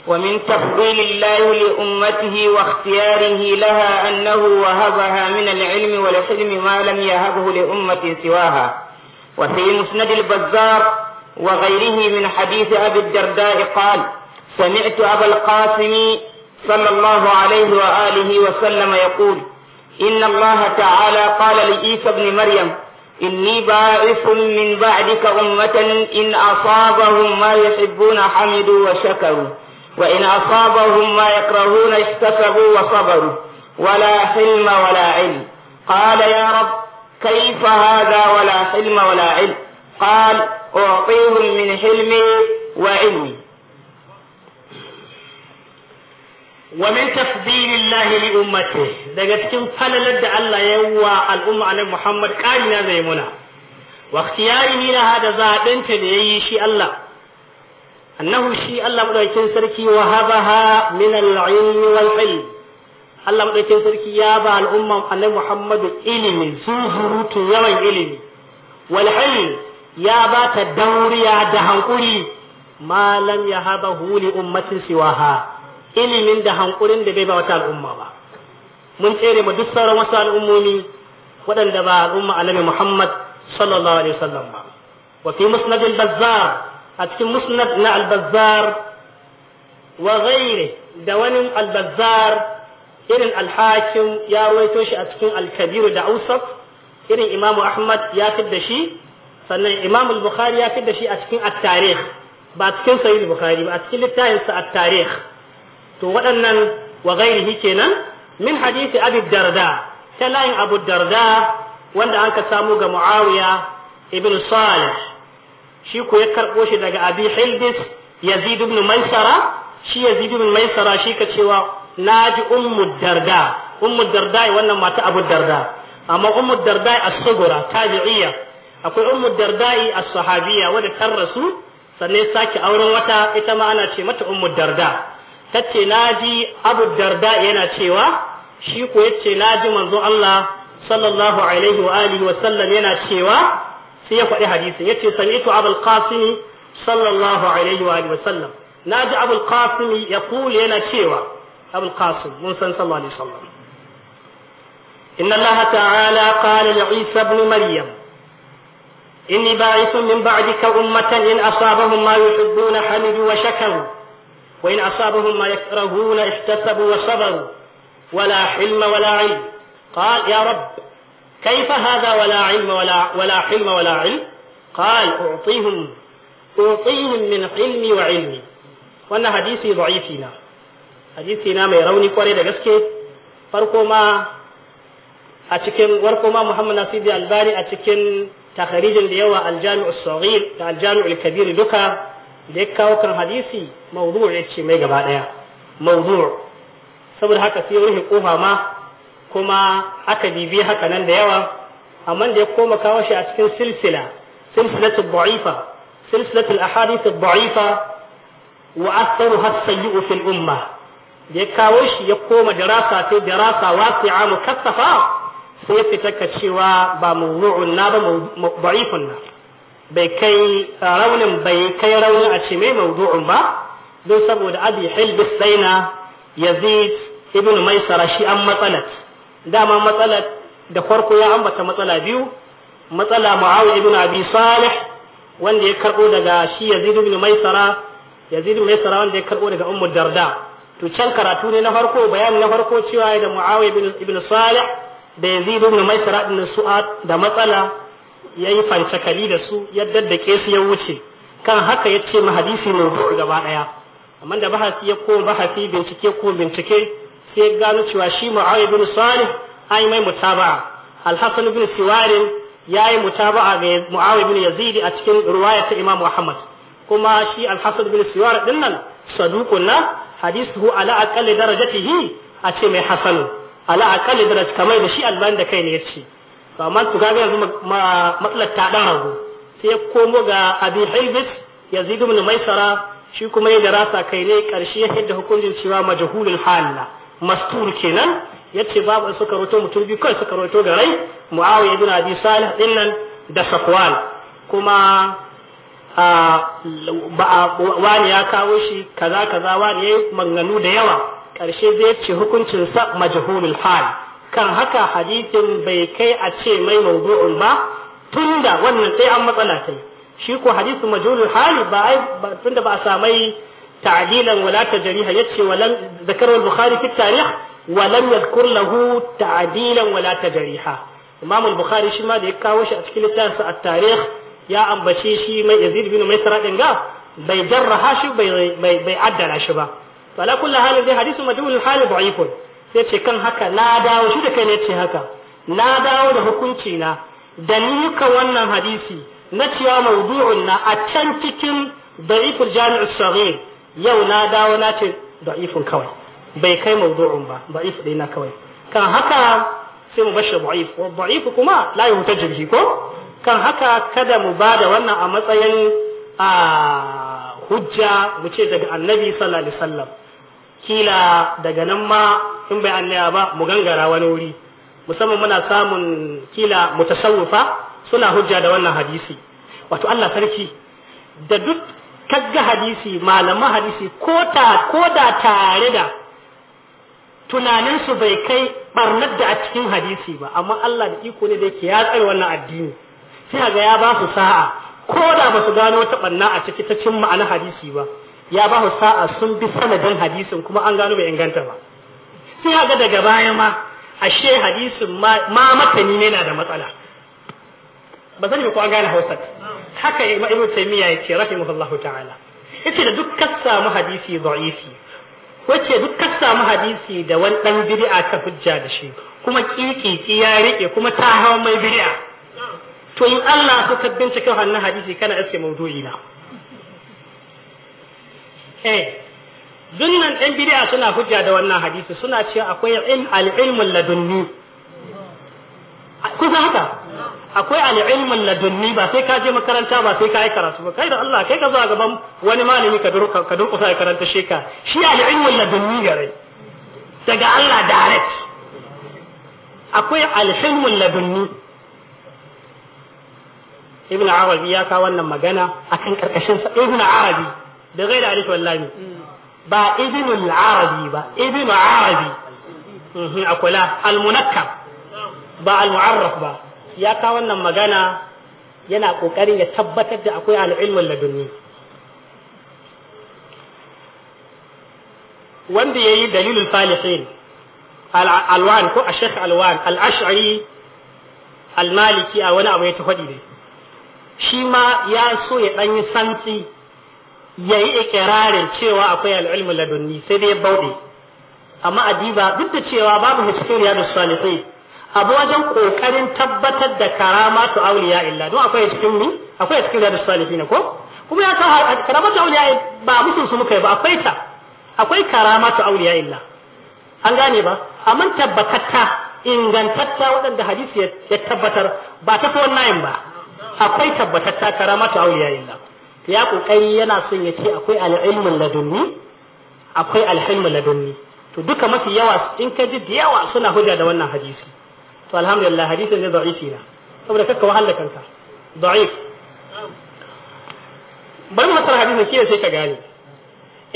ومن تفضيل الله لأمته واختياره لها أنه وهبها من العلم والحلم ما لم يهبه لأمة سواها وفي مسند البزار وغيره من حديث أبي الدرداء قال سمعت أبا القاسم صلى الله عليه وآله وسلم يقول إن الله تعالى قال لعيسى ابن مريم إني باعث من بعدك أمة إن أصابهم ما يحبون حمدوا وشكروا وإن أصابهم ما يكرهون اكتسبوا وصبروا ولا حلم ولا علم قال يا رب كيف هذا ولا حلم ولا علم قال أعطيهم من حلمي وعلمي ومن تفضيل الله لأمته لقد كنت falalar da الله ya على محمد annabi Muhammad kari واختياري zai هذا wa ikhtiyari ni na annahu shi Allah madaukakin sarki wa habaha min al-ilmi wal ilm Allah madaukakin sarki ya ba al'umman annabi Muhammadu ilimi zuhurutu yawan ilimi wal ilm ya ba ta dauriya da hankuri ma lam yahabahu li ummatin siwaha ilimin da hankurin da bai ba wata al'umma ba mun tsere mu duk sauran wasu al'ummomi waɗanda ba al'umma annabi Muhammad sallallahu alaihi wasallam ba wa fi musnad al-bazzar a cikin musnad na albazar wa ghairi da wani albazar irin alhakim ya ruwaito shi a cikin alkabiru da ausaf irin imamu ahmad ya da shi sannan imamu bukhari ya da shi a cikin at ba cikin sahih bukhari ba a cikin littafin sa to waɗannan wa ghairihi kenan min hadisi abu darda ta layin abu darda wanda an ka samu ga muawiya ibn salih shi ko ya karɓo shi daga abi hilbis zidu min maisara shi zidu min maisara shi ka cewa naji ummu darda ummu darda wannan mata abu darda amma ummu darda as ta tabi'iyya akwai ummu darda a sahabiyya wadda ta rasu sannan sake auren wata ita ma ana ce mata ummu darda tace naji abu darda yana cewa shi ko yace ji manzo Allah sallallahu alaihi wa alihi wa sallam yana cewa sai ya faɗi hadisin yace sami'tu abul qasim sallallahu alaihi wa alihi wa sallam naji abul qasim ya yaqul yana cewa abul qasim mun san sallallahu alaihi wasallam inna allah ta'ala qala li isa ibn maryam inni ba'ithun min ba'dika ummatan in asabahum ma yuhibbuna hamidu wa shakaru wa in asabahum ma yakrahuna ihtasabu wa sabaru wala hilma wala ilm qala ya rabb كيف هذا ولا علم ولا ولا حلم ولا علم قال أعطيهم أعطيهم من علمي وعلمي وانا حديثي ضعيف حديثي هنا ما يروني قريدة قسكي فاركو ما أتكين محمد نصيدي الباري أتكين تخريج اليوم الجامع الصغير الجامع الكبير لكا لكا وكان حديثي موضوع إيشي ميجا بعدها موضوع سبر هكا سيوريه قوها ما kuma aka bibi haka nan da yawa amma da ya koma kawo shi a cikin silsila silsilatul da'ifa silsilatul ahadith da'ifa wa asaru as fil umma da ya kawo shi ya koma darasa sai darasa wasi'a mukaffafa sai ya fita ka cewa ba mawdu'un na ba da'ifun na bai kai raunin bai kai raunin a ce mai mawdu'un ba don saboda abi hilbis zaina yazid ibn maisara shi an matsalat dama matsala da farko ya ambata matsala biyu matsala muawiya ibn abi salih wanda ya karbo daga shi yazid ibn maisara yazid ibn maisara wanda ya karbo daga ummu darda to can karatu ne na farko bayani na farko cewa da muawiya ibn salih da yazid ibn maisara din su'ad da matsala yayi fancakali da su yadda da su ya wuce kan haka yace mahadisi hadisi ne gaba daya amma da bahasi ya ko bahasi bincike ko bincike sai gano cewa shi ma'awai bin salih an mai mutaba'a alhassan bin siwarin ya yi mutaba'a ga ma'awai bin yazidi a cikin ruwaya ta imam muhammad kuma shi alhassan bin siwar din nan saduqun na hu ala aqalli darajatihi a ce mai hasan ala akalli darajati kamar da shi albani da kai ne ce to amma to kaga yanzu matsalar ta dan ragu sai komo ga abi haibis yazid bin maisara shi kuma ya darasa kai ne karshe ya hidda hukuncin cewa majhulul halala mastur kenan yace babu suka roto mutum biyu kai suka ga rai muawiya ibn abi salih dinnan da safwan kuma wani ya kawo shi kaza kaza wani yayi manganu da yawa karshe zai ce hukuncin sa majhulul hal kan haka hadisin bai kai a ce mai mawdu'un ba tunda wannan sai an matsala sai shi ko hadisin majhulul hali ba tunda ba a samai تعديلا ولا تجريها يتشي ولم ذكره البخاري في التاريخ ولم يذكر له تعديلا ولا تجريحا إمام البخاري شما دي كاوش أتكلم التاريخ يا أم بشيشي ما يزيد بن ميسرة إنجا بيجرها شي بي بي بيعدل شي با فلا كل حال دي حديث مجهول الحال ضعيف sai ce kan haka na dawo shi da kai ne ce haka na dawo da hukunci na da nuka wannan hadisi na cewa maudu'un na a can cikin da'ifur jami'ar sahih yau na dawo na ce da'ifun kawai bai kai mawdu'un ba da'if dai na kawai kan haka sai mu bashi da'if wa da'if kuma la yuta jirgi ko kan haka kada mu ba da wannan a matsayin a hujja mu ce daga annabi sallallahu alaihi wasallam kila daga nan ma in bai annaya ba mu gangara wani wuri musamman muna samun kila mutasawwifa suna hujja da wannan hadisi wato Allah sarki da duk kagga hadisi malaman hadisi ko ta ko da tare da tunaninsu bai kai barnar da a cikin hadisi ba amma Allah da iko ne da yake ya tsare wannan addini sai ga ya ba su sa'a ko da ba su gano wata barna a ciki ta cin ma'ana hadisi ba ya ba su sa'a sun bi sanadin hadisin kuma an gano bai inganta ba sai ga daga baya ma ashe hadisin ma matani ne na da matsala ba sani ko an gane Hausa haka ibn taymiya yace rahimahullahu ta'ala yace da dukkan samu hadisi da'ifi wace dukkan samu hadisi da wani dan bid'a ka hujja da shi kuma kikiki ya rike kuma ta hawa mai bid'a to in Allah ka kabbin cikin wannan hadisi kana iske mawdu'i na eh dunnan ɗan bid'a suna hujja da wannan hadisi suna cewa akwai al-ilmul ladunni kusa haka akwai al'ilmin ladunni ba sai ka je makaranta ba sai ka yi karatu ba kai da Allah kai ka zuwa gaban wani malami ka durkusa ya karanta shi ka shi al'ilmin ladunni gare daga Allah direct akwai al'ilmin ladunni ibn arabi ya kawo wannan magana akan karkashin sa ibn arabi da gaira alif wallahi ba ibn arabi ba ibn arabi mhm, a kula al-munakkab ba al-mu'arraf ba ya kawo wannan magana yana kokarin ya tabbatar da akwai al'ilmin ladunni wanda ya yi dalilin falihin alwan ko a shekh alwan al'ashari almaliki a wani abu ya ta faɗi ne shi ma ya so ya ɗanyi santsi ya yi cewa akwai al'ilmin ladunni sai dai ya bauɗe amma a adiba duk da cewa babu historiya da salihai abu wajen kokarin tabbatar da karama to auliya illa don akwai cikin mu akwai cikin da salihin ko kuma ya ta to auliya ba musun su muka yi ba akwai ta akwai karama to auliya illa an gane ba amma tabbatatta ingantatta waɗanda hadisi ya tabbatar ba ta fowar nayin ba akwai tabbatatta karama to auliya illa ya kokari yana son ya ce akwai al'ilmin ladunni akwai alhilmin ladunni to duka mafi yawa in ka ji da yawa suna hujja da wannan hadisi to alhamdulillah hadisin zai da'ifi na saboda kakka wahala kanka da'if bari mu hasar hadisin shi sai ka gane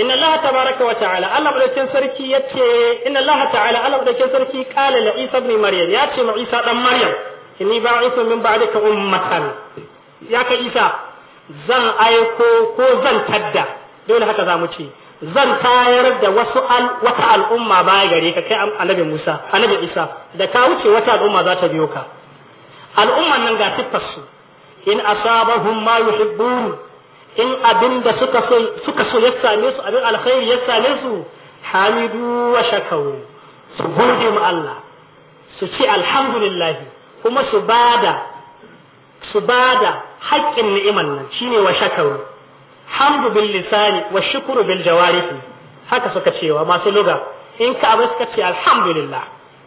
inna Allah tabaraka wa ta'ala Allah madaukin sarki ya ce inna Allah ta'ala Allah madaukin sarki qala la Isa ibn Maryam ya ce ma Isa dan Maryam inni Isa min ba da ka ummatan ya ka Isa zan aiko ko zan tadda dole haka za mu ce zan tayar da wasu wata al'umma baya gare ka kai annabi Musa annabi Isa da ka wuce wata al'umma za ta biyo ka al'umman nan ga su in asabahum ma yuhibbun in abin da suka so suka so ya same su abin alkhairi ya same su hamidu wa shakaru su gode mu Allah su ce alhamdulillah kuma su bada su bada haƙƙin ni'imar nan shine wa shakaru hamdu bil lisani wa shukru bil jawarihi haka suka cewa masu luga in ka abu suka ce alhamdulillah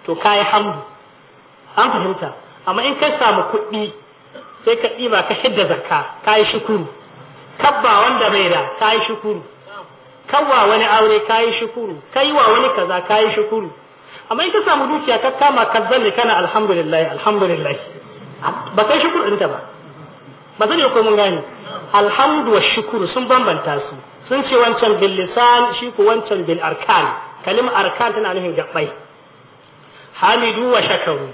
to kai hamdu an fahimta amma in kai samu kuɗi sai ka ɗiba ka hidda zakka kai shukuru kabba wanda bai da kai shukuru kawwa wani aure kai shukuru kai wa wani kaza kai shukuru amma in ka samu dukiya ka kama kazzan ne kana alhamdulillah alhamdulillah ba kai shukuru ɗinta ba ba zai ko mun gane alhamdu wa shukuru sun bambanta su sun ce wancan bil lisan shi ku wancan bil arkan kalimar arkan tana nufin gabbai hamidu wa shakaru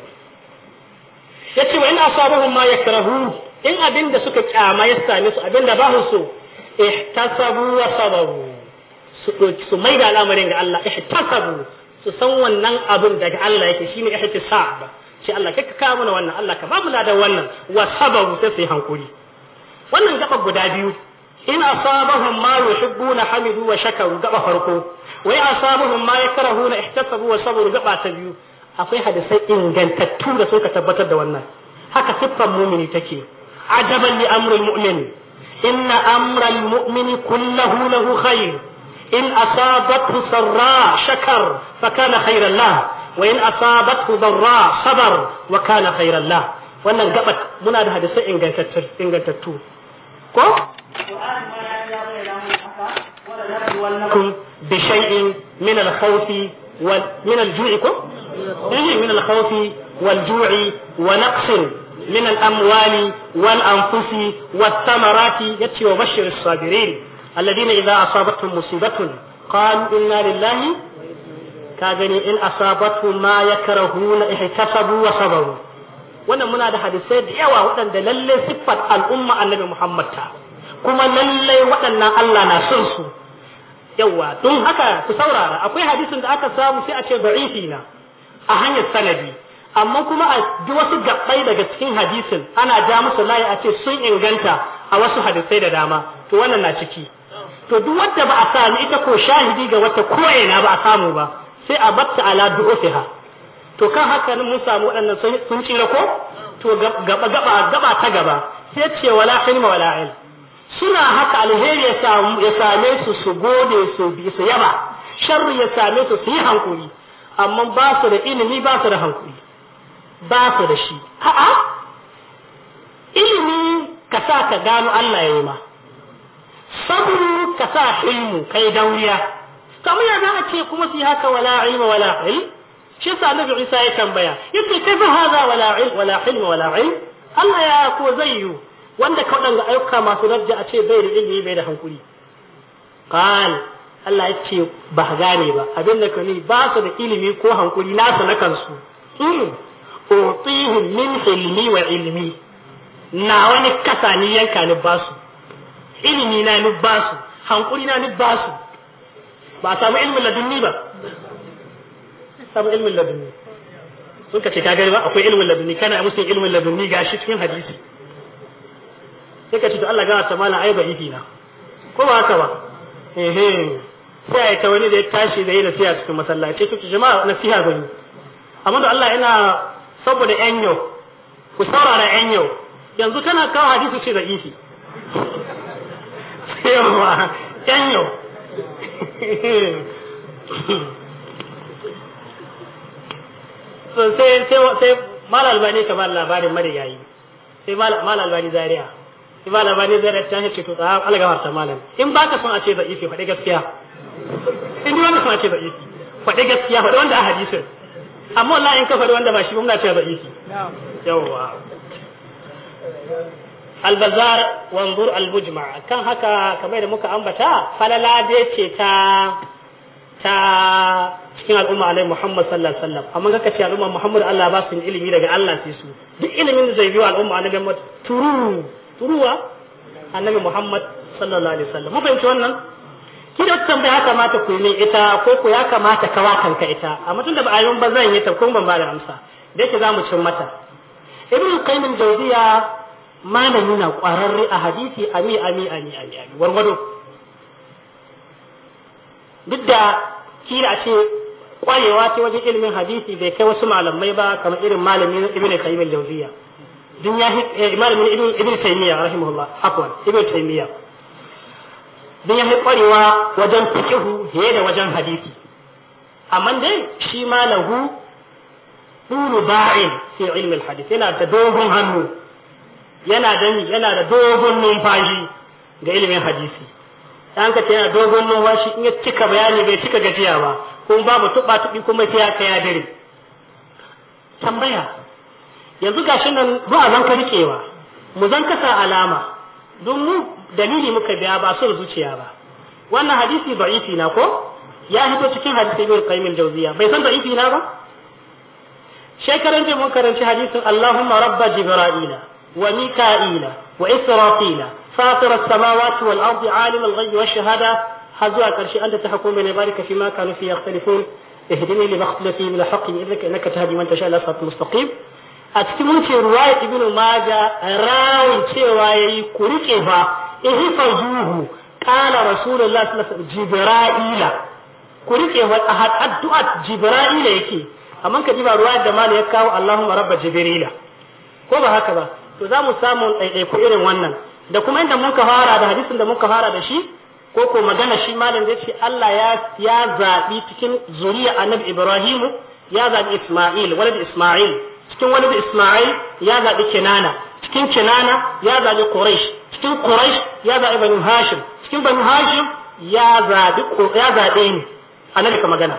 yace wa ina asabahum ma yakrahu in abinda suka kyama ya same su abinda ba su so ihtasabu wa sabaru su su mai da al'amarin ga Allah ihtasabu su san wannan abin daga Allah yake shine ihtisab ce Allah kika kawo mana wannan Allah ka ba mu ladan wannan wa sabaru sai su yi hankuri wannan gaba guda biyu in asabahum ma yuhibbuna hamidu wa shakaru gaba farko wai asabahum ma yakrahuna ihtasabu wa sabaru gaba ta biyu akwai hadisai ingantattu da suka tabbatar da wannan haka siffar mumini take ajaban li amrul mu'min inna amral mu'mini kullahu lahu khair in asabathu sarra shakar fa kana khairan lahu wa in asabathu darra sabar wa kana khairan lahu wannan gabat muna da hadisai ingantattu كم بشيء من الخوف من الجوع إيه، من الخوف والجوع ونقص من الأموال والأنفس والثمرات يتي وبشر الصابرين الذين إذا أصابتهم مصيبة قالوا إنا لله كاذن إن أصابتهم ما يكرهون احتسبوا وصبروا wannan muna da hadisai da yawa waɗanda lalle siffar al'umma annabi Muhammad ta kuma lalle waɗannan Allah na son su yawa don haka ku saurara akwai hadisin da aka samu sai a ce da'ifi na a hanyar sanadi amma kuma a ji wasu gabbai daga cikin hadisin ana ja musu layi a ce sun inganta a wasu hadisai da dama to wannan na ciki to duk wadda ba a sami ita ko shahidi ga wata ko'ina ba a samu ba sai a batta ala du'ufiha to kan haka mun samu waɗannan sun tsira ko to gaba gaba gaba ta gaba sai ce wala hilma wala ilm suna haka alheri ya same su su gode su bi su yaba sharri ya same su su yi hankuri amma ba su da ilimi ba su da hankuri ba su da shi a'a ilimi ka sa ka gano Allah ya yi ma sabru ka sa ilmu kai dauriya kamar yadda a ce kuma su yi haka wala ilma wala ilm shi yasa annabi Isa ya tambaya yace kaifa hadha wala ilm wala hilm wala ilm Allah ya ko zai yi wanda ka wadanga ayyuka masu daraja a ce bai da ilimi bai da hankuri qal Allah ya ce ba gane ba abin da kani ba su da ilimi ko hankuri nasu na kansu hmm. utihim min hilmi wa ilmi na wani kasa ni yanka ni basu ilimi na ni basu hankuri na ni basu ba samu ilmin ladunni ba samu ilmin ladunni sun ka ce ka gani ba akwai ilmin ladunni kana musu ilmin ladunni gashi cikin hadisi sai ka ce to Allah ta mala ayyuka da'ifi na ko ba haka ba eh sai ai ta wani da ya tashi da yana siya cikin masallaci to jama'a nasiha gani amma da Allah ina saboda yan yau ku saurara yan yau yanzu kana kawo hadisi ce da'ifi yawa yan yau sai sai mal albani ka ba labarin marigayi sai mal albani zaria sai mal albani zaria ta ce to ta algamar ta malam in ba ka son a ce da ife faɗi gaskiya in ji wanda son a ce da ife faɗi gaskiya faɗi wanda a hadisin amma wallahi in ka faɗi wanda ba shi muna ce da ife yawwa albazar wanzur albujma kan haka kamar da muka ambata falala dai ce ta ta cikin al'umma alai Muhammad sallallahu alaihi wasallam amma kaka ce al'umma Muhammad Allah ba su ilimi daga Allah sai su duk ilimin da zai biyo al'umma annabi Muhammad tururu turuwa annabi Muhammad sallallahu alaihi wasallam mun fahimci wannan ki da tambaya ya kamata ku ne ita ko ku ya kamata ka wakan ka ita amma tunda ba ayyun ba zan yi ta kun ban ba da amsa da yake zamu cin mata ibn qayyim jawziya malami na kwararre a hadisi ami ami ami ami warwado duk da kila a ce kwarewa ce wajen ilimin hadisi bai kai wasu malamai ba kamar irin malamin ibn qayyim al-jawziyya din ya eh, malamin ibn ibn taymiya rahimahullah afwan ibn taymiya din ya kwarewa wajen fiqhu fiye da wajen hadisi amma dai shi malahu tulu ba'in fi ilmi al-hadith yana da dogon hannu yana da yana da dogon numfashi ga ilimin hadisi an ka tana dogon numfashi in ya cika bayani bai cika gajiya ba kuma babu tuba tubi kuma sai ya kaya dare tambaya yanzu shi nan ba a ka rikewa mu zan kasa alama don mu dalili muka biya ba so zuciya ba wannan hadisi da'ifi na ko ya hito cikin hadisi ibn qayyim al-jawziya bai san da'ifi na ba shekaran je mun karanci hadisin Allahumma rabba jibra'ila wa mika'ila wa israfila فاطر السماوات والأرض عالم الغيب والشهادة حزوا كرشي أنت تحكم بين عبادك فيما كانوا فيه يختلفون اهدني لما فيه من الحق إذنك إنك تهدي من تشاء إلى صراط مستقيم أتكلم في رواية ابن ماجه راوي تشيواي كوريكيفا احفظوه قال رسول الله صلى الله عليه وسلم جبرائيل كوريكيفا أحد أدعت جبرائيل يكي amma ka رواية ruwa يكاو اللهم رب جبريل هو هكذا تزامو ko أي أي ba to da kuma inda muka fara da hadisin da muka fara da shi ko ko magana shi malam zai ce Allah ya ya zabi cikin zuriya annabi Ibrahim ya zabi Isma'il walad Isma'il cikin walad Isma'il ya zabi Kinana cikin Kinana ya zabi Quraysh cikin Quraysh ya zabi Banu Hashim cikin Banu Hashim ya zabi ya zabe ni annabi ka magana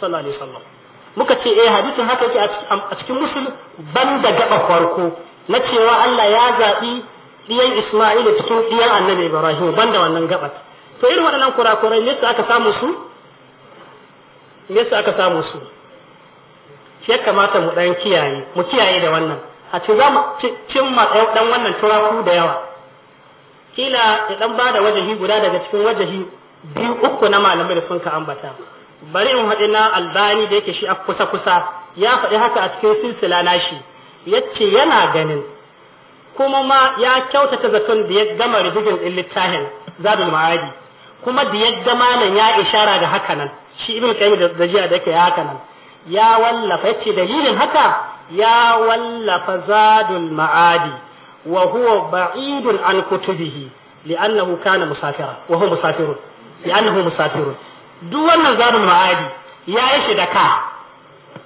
sallallahu alaihi wasallam muka ce eh hadisin haka yake a cikin muslim ban da gaba farko na cewa Allah ya zabi diyan Isma'il cikin diyan Annabi Ibrahim banda wannan gabas to irin waɗannan kurakurai ne su aka samu su ne su aka samu su ya kamata mu ɗan kiyaye mu kiyaye da wannan a ce za mu cimma ɗan wannan turaku da yawa kila ya ba da wajahi guda daga cikin wajahi biyu uku na malamai da sun ka ambata bari in haɗi na albani da yake shi a kusa kusa ya faɗi haka a cikin silsila nashi yace yana ganin kuma ma ya kyautata zaton da ya gama rubutun din littafin zadul ma'adi kuma da ya ga malam ya ishara ga haka nan shi ibn qayyim da jiya da yake ya haka nan ya wallafa yace dalilin haka ya wallafa zadul ma'adi wa huwa ba'idun an kutubihi li'annahu kana musafira wa huwa musafirun li'annahu musafirun duk wannan zadul ma'adi ya yi shi da ka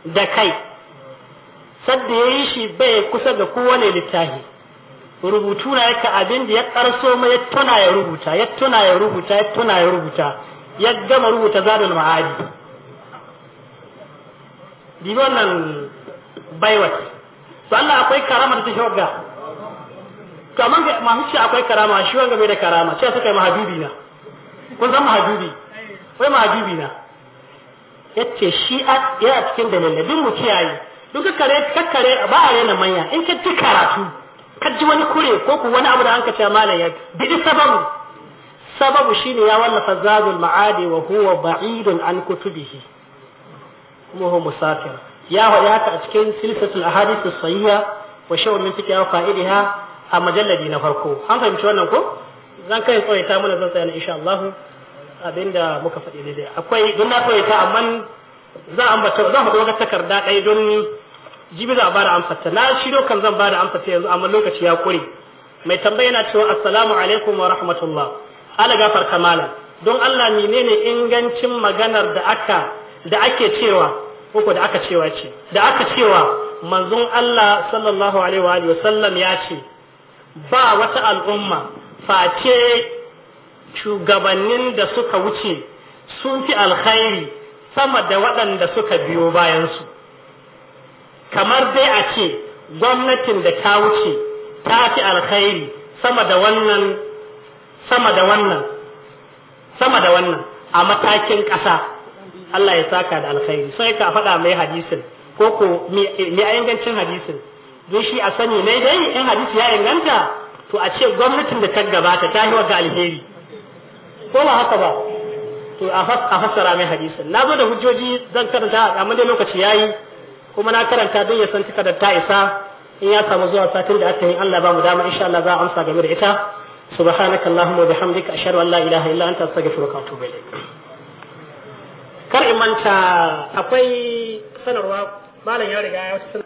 da kai sadda ya yi shi bai kusa da kowane littafi rubutu na yake abin da ya karso mai ya tuna ya rubuta ya tuna ya rubuta ya tuna ya rubuta ya gama rubuta zadul ma'adi di wannan baiwat to Allah akwai karama da ta shoga to amma ga ma shi akwai karama shi wanga bai da karama sai suka yi mahabibi na kun san mahabibi wai mahabibi na yace shi a yana cikin dalilin duk mu kiyaye duk kare kakkare ba a rena manya in ka ci karatu Ka ji wani kure ko ku wani abu da an ka kace malam ya bidi sababu sababu shine ya wallafa zadul ma'adi wa huwa ba'idun an kutubihi kuma huwa musafir ya ya ta a cikin silsilatul ahadith as-sahiha wa shawr min fiqh fa'idaha a majalladi na farko an fahimci wannan ko zan kai tsawaita mana zan tsaya insha Allah abinda muka faɗi dai akwai don na tsawaita amma za a ambata za mu ga takarda ɗaya don jibi za a bada amsarta na shi dokan zan bada amsarta yanzu amma lokaci ya kure mai tambaya na cewa assalamu alaikum wa rahmatullah ala gafar kamala don Allah menene ingancin maganar da aka da ake cewa ko da aka cewa ce da aka cewa manzon Allah sallallahu alaihi wa sallam ya ce ba wata al'umma face shugabannin da suka wuce sun fi alkhairi sama da waɗanda suka biyo bayansu kamar dai a ce gwamnatin da ta wuce ta fi alkhairi sama da wannan sama da wannan sama da wannan a matakin ƙasa Allah ya saka da alkhairi sai ka faɗa mai hadisin ko ko me ingancin hadisin don shi a sani ne dai in hadisi ya inganta to a ce gwamnatin da ta gabata ta yi wa alheri ko ba haka ba to a fassara mai hadisin na zo da hujjoji zan karanta amma dai lokaci yayi kuma na karanta don ya san ta isa in ya samu zuwa satin da aka yi Allah ba mu dama insha Allah za a amsa game da ita subhanakallahumma wa bihamdika ashhadu an la ilaha illa anta astaghfiruka wa atubu ilaik kar in manta akwai sanarwa malam ya riga ya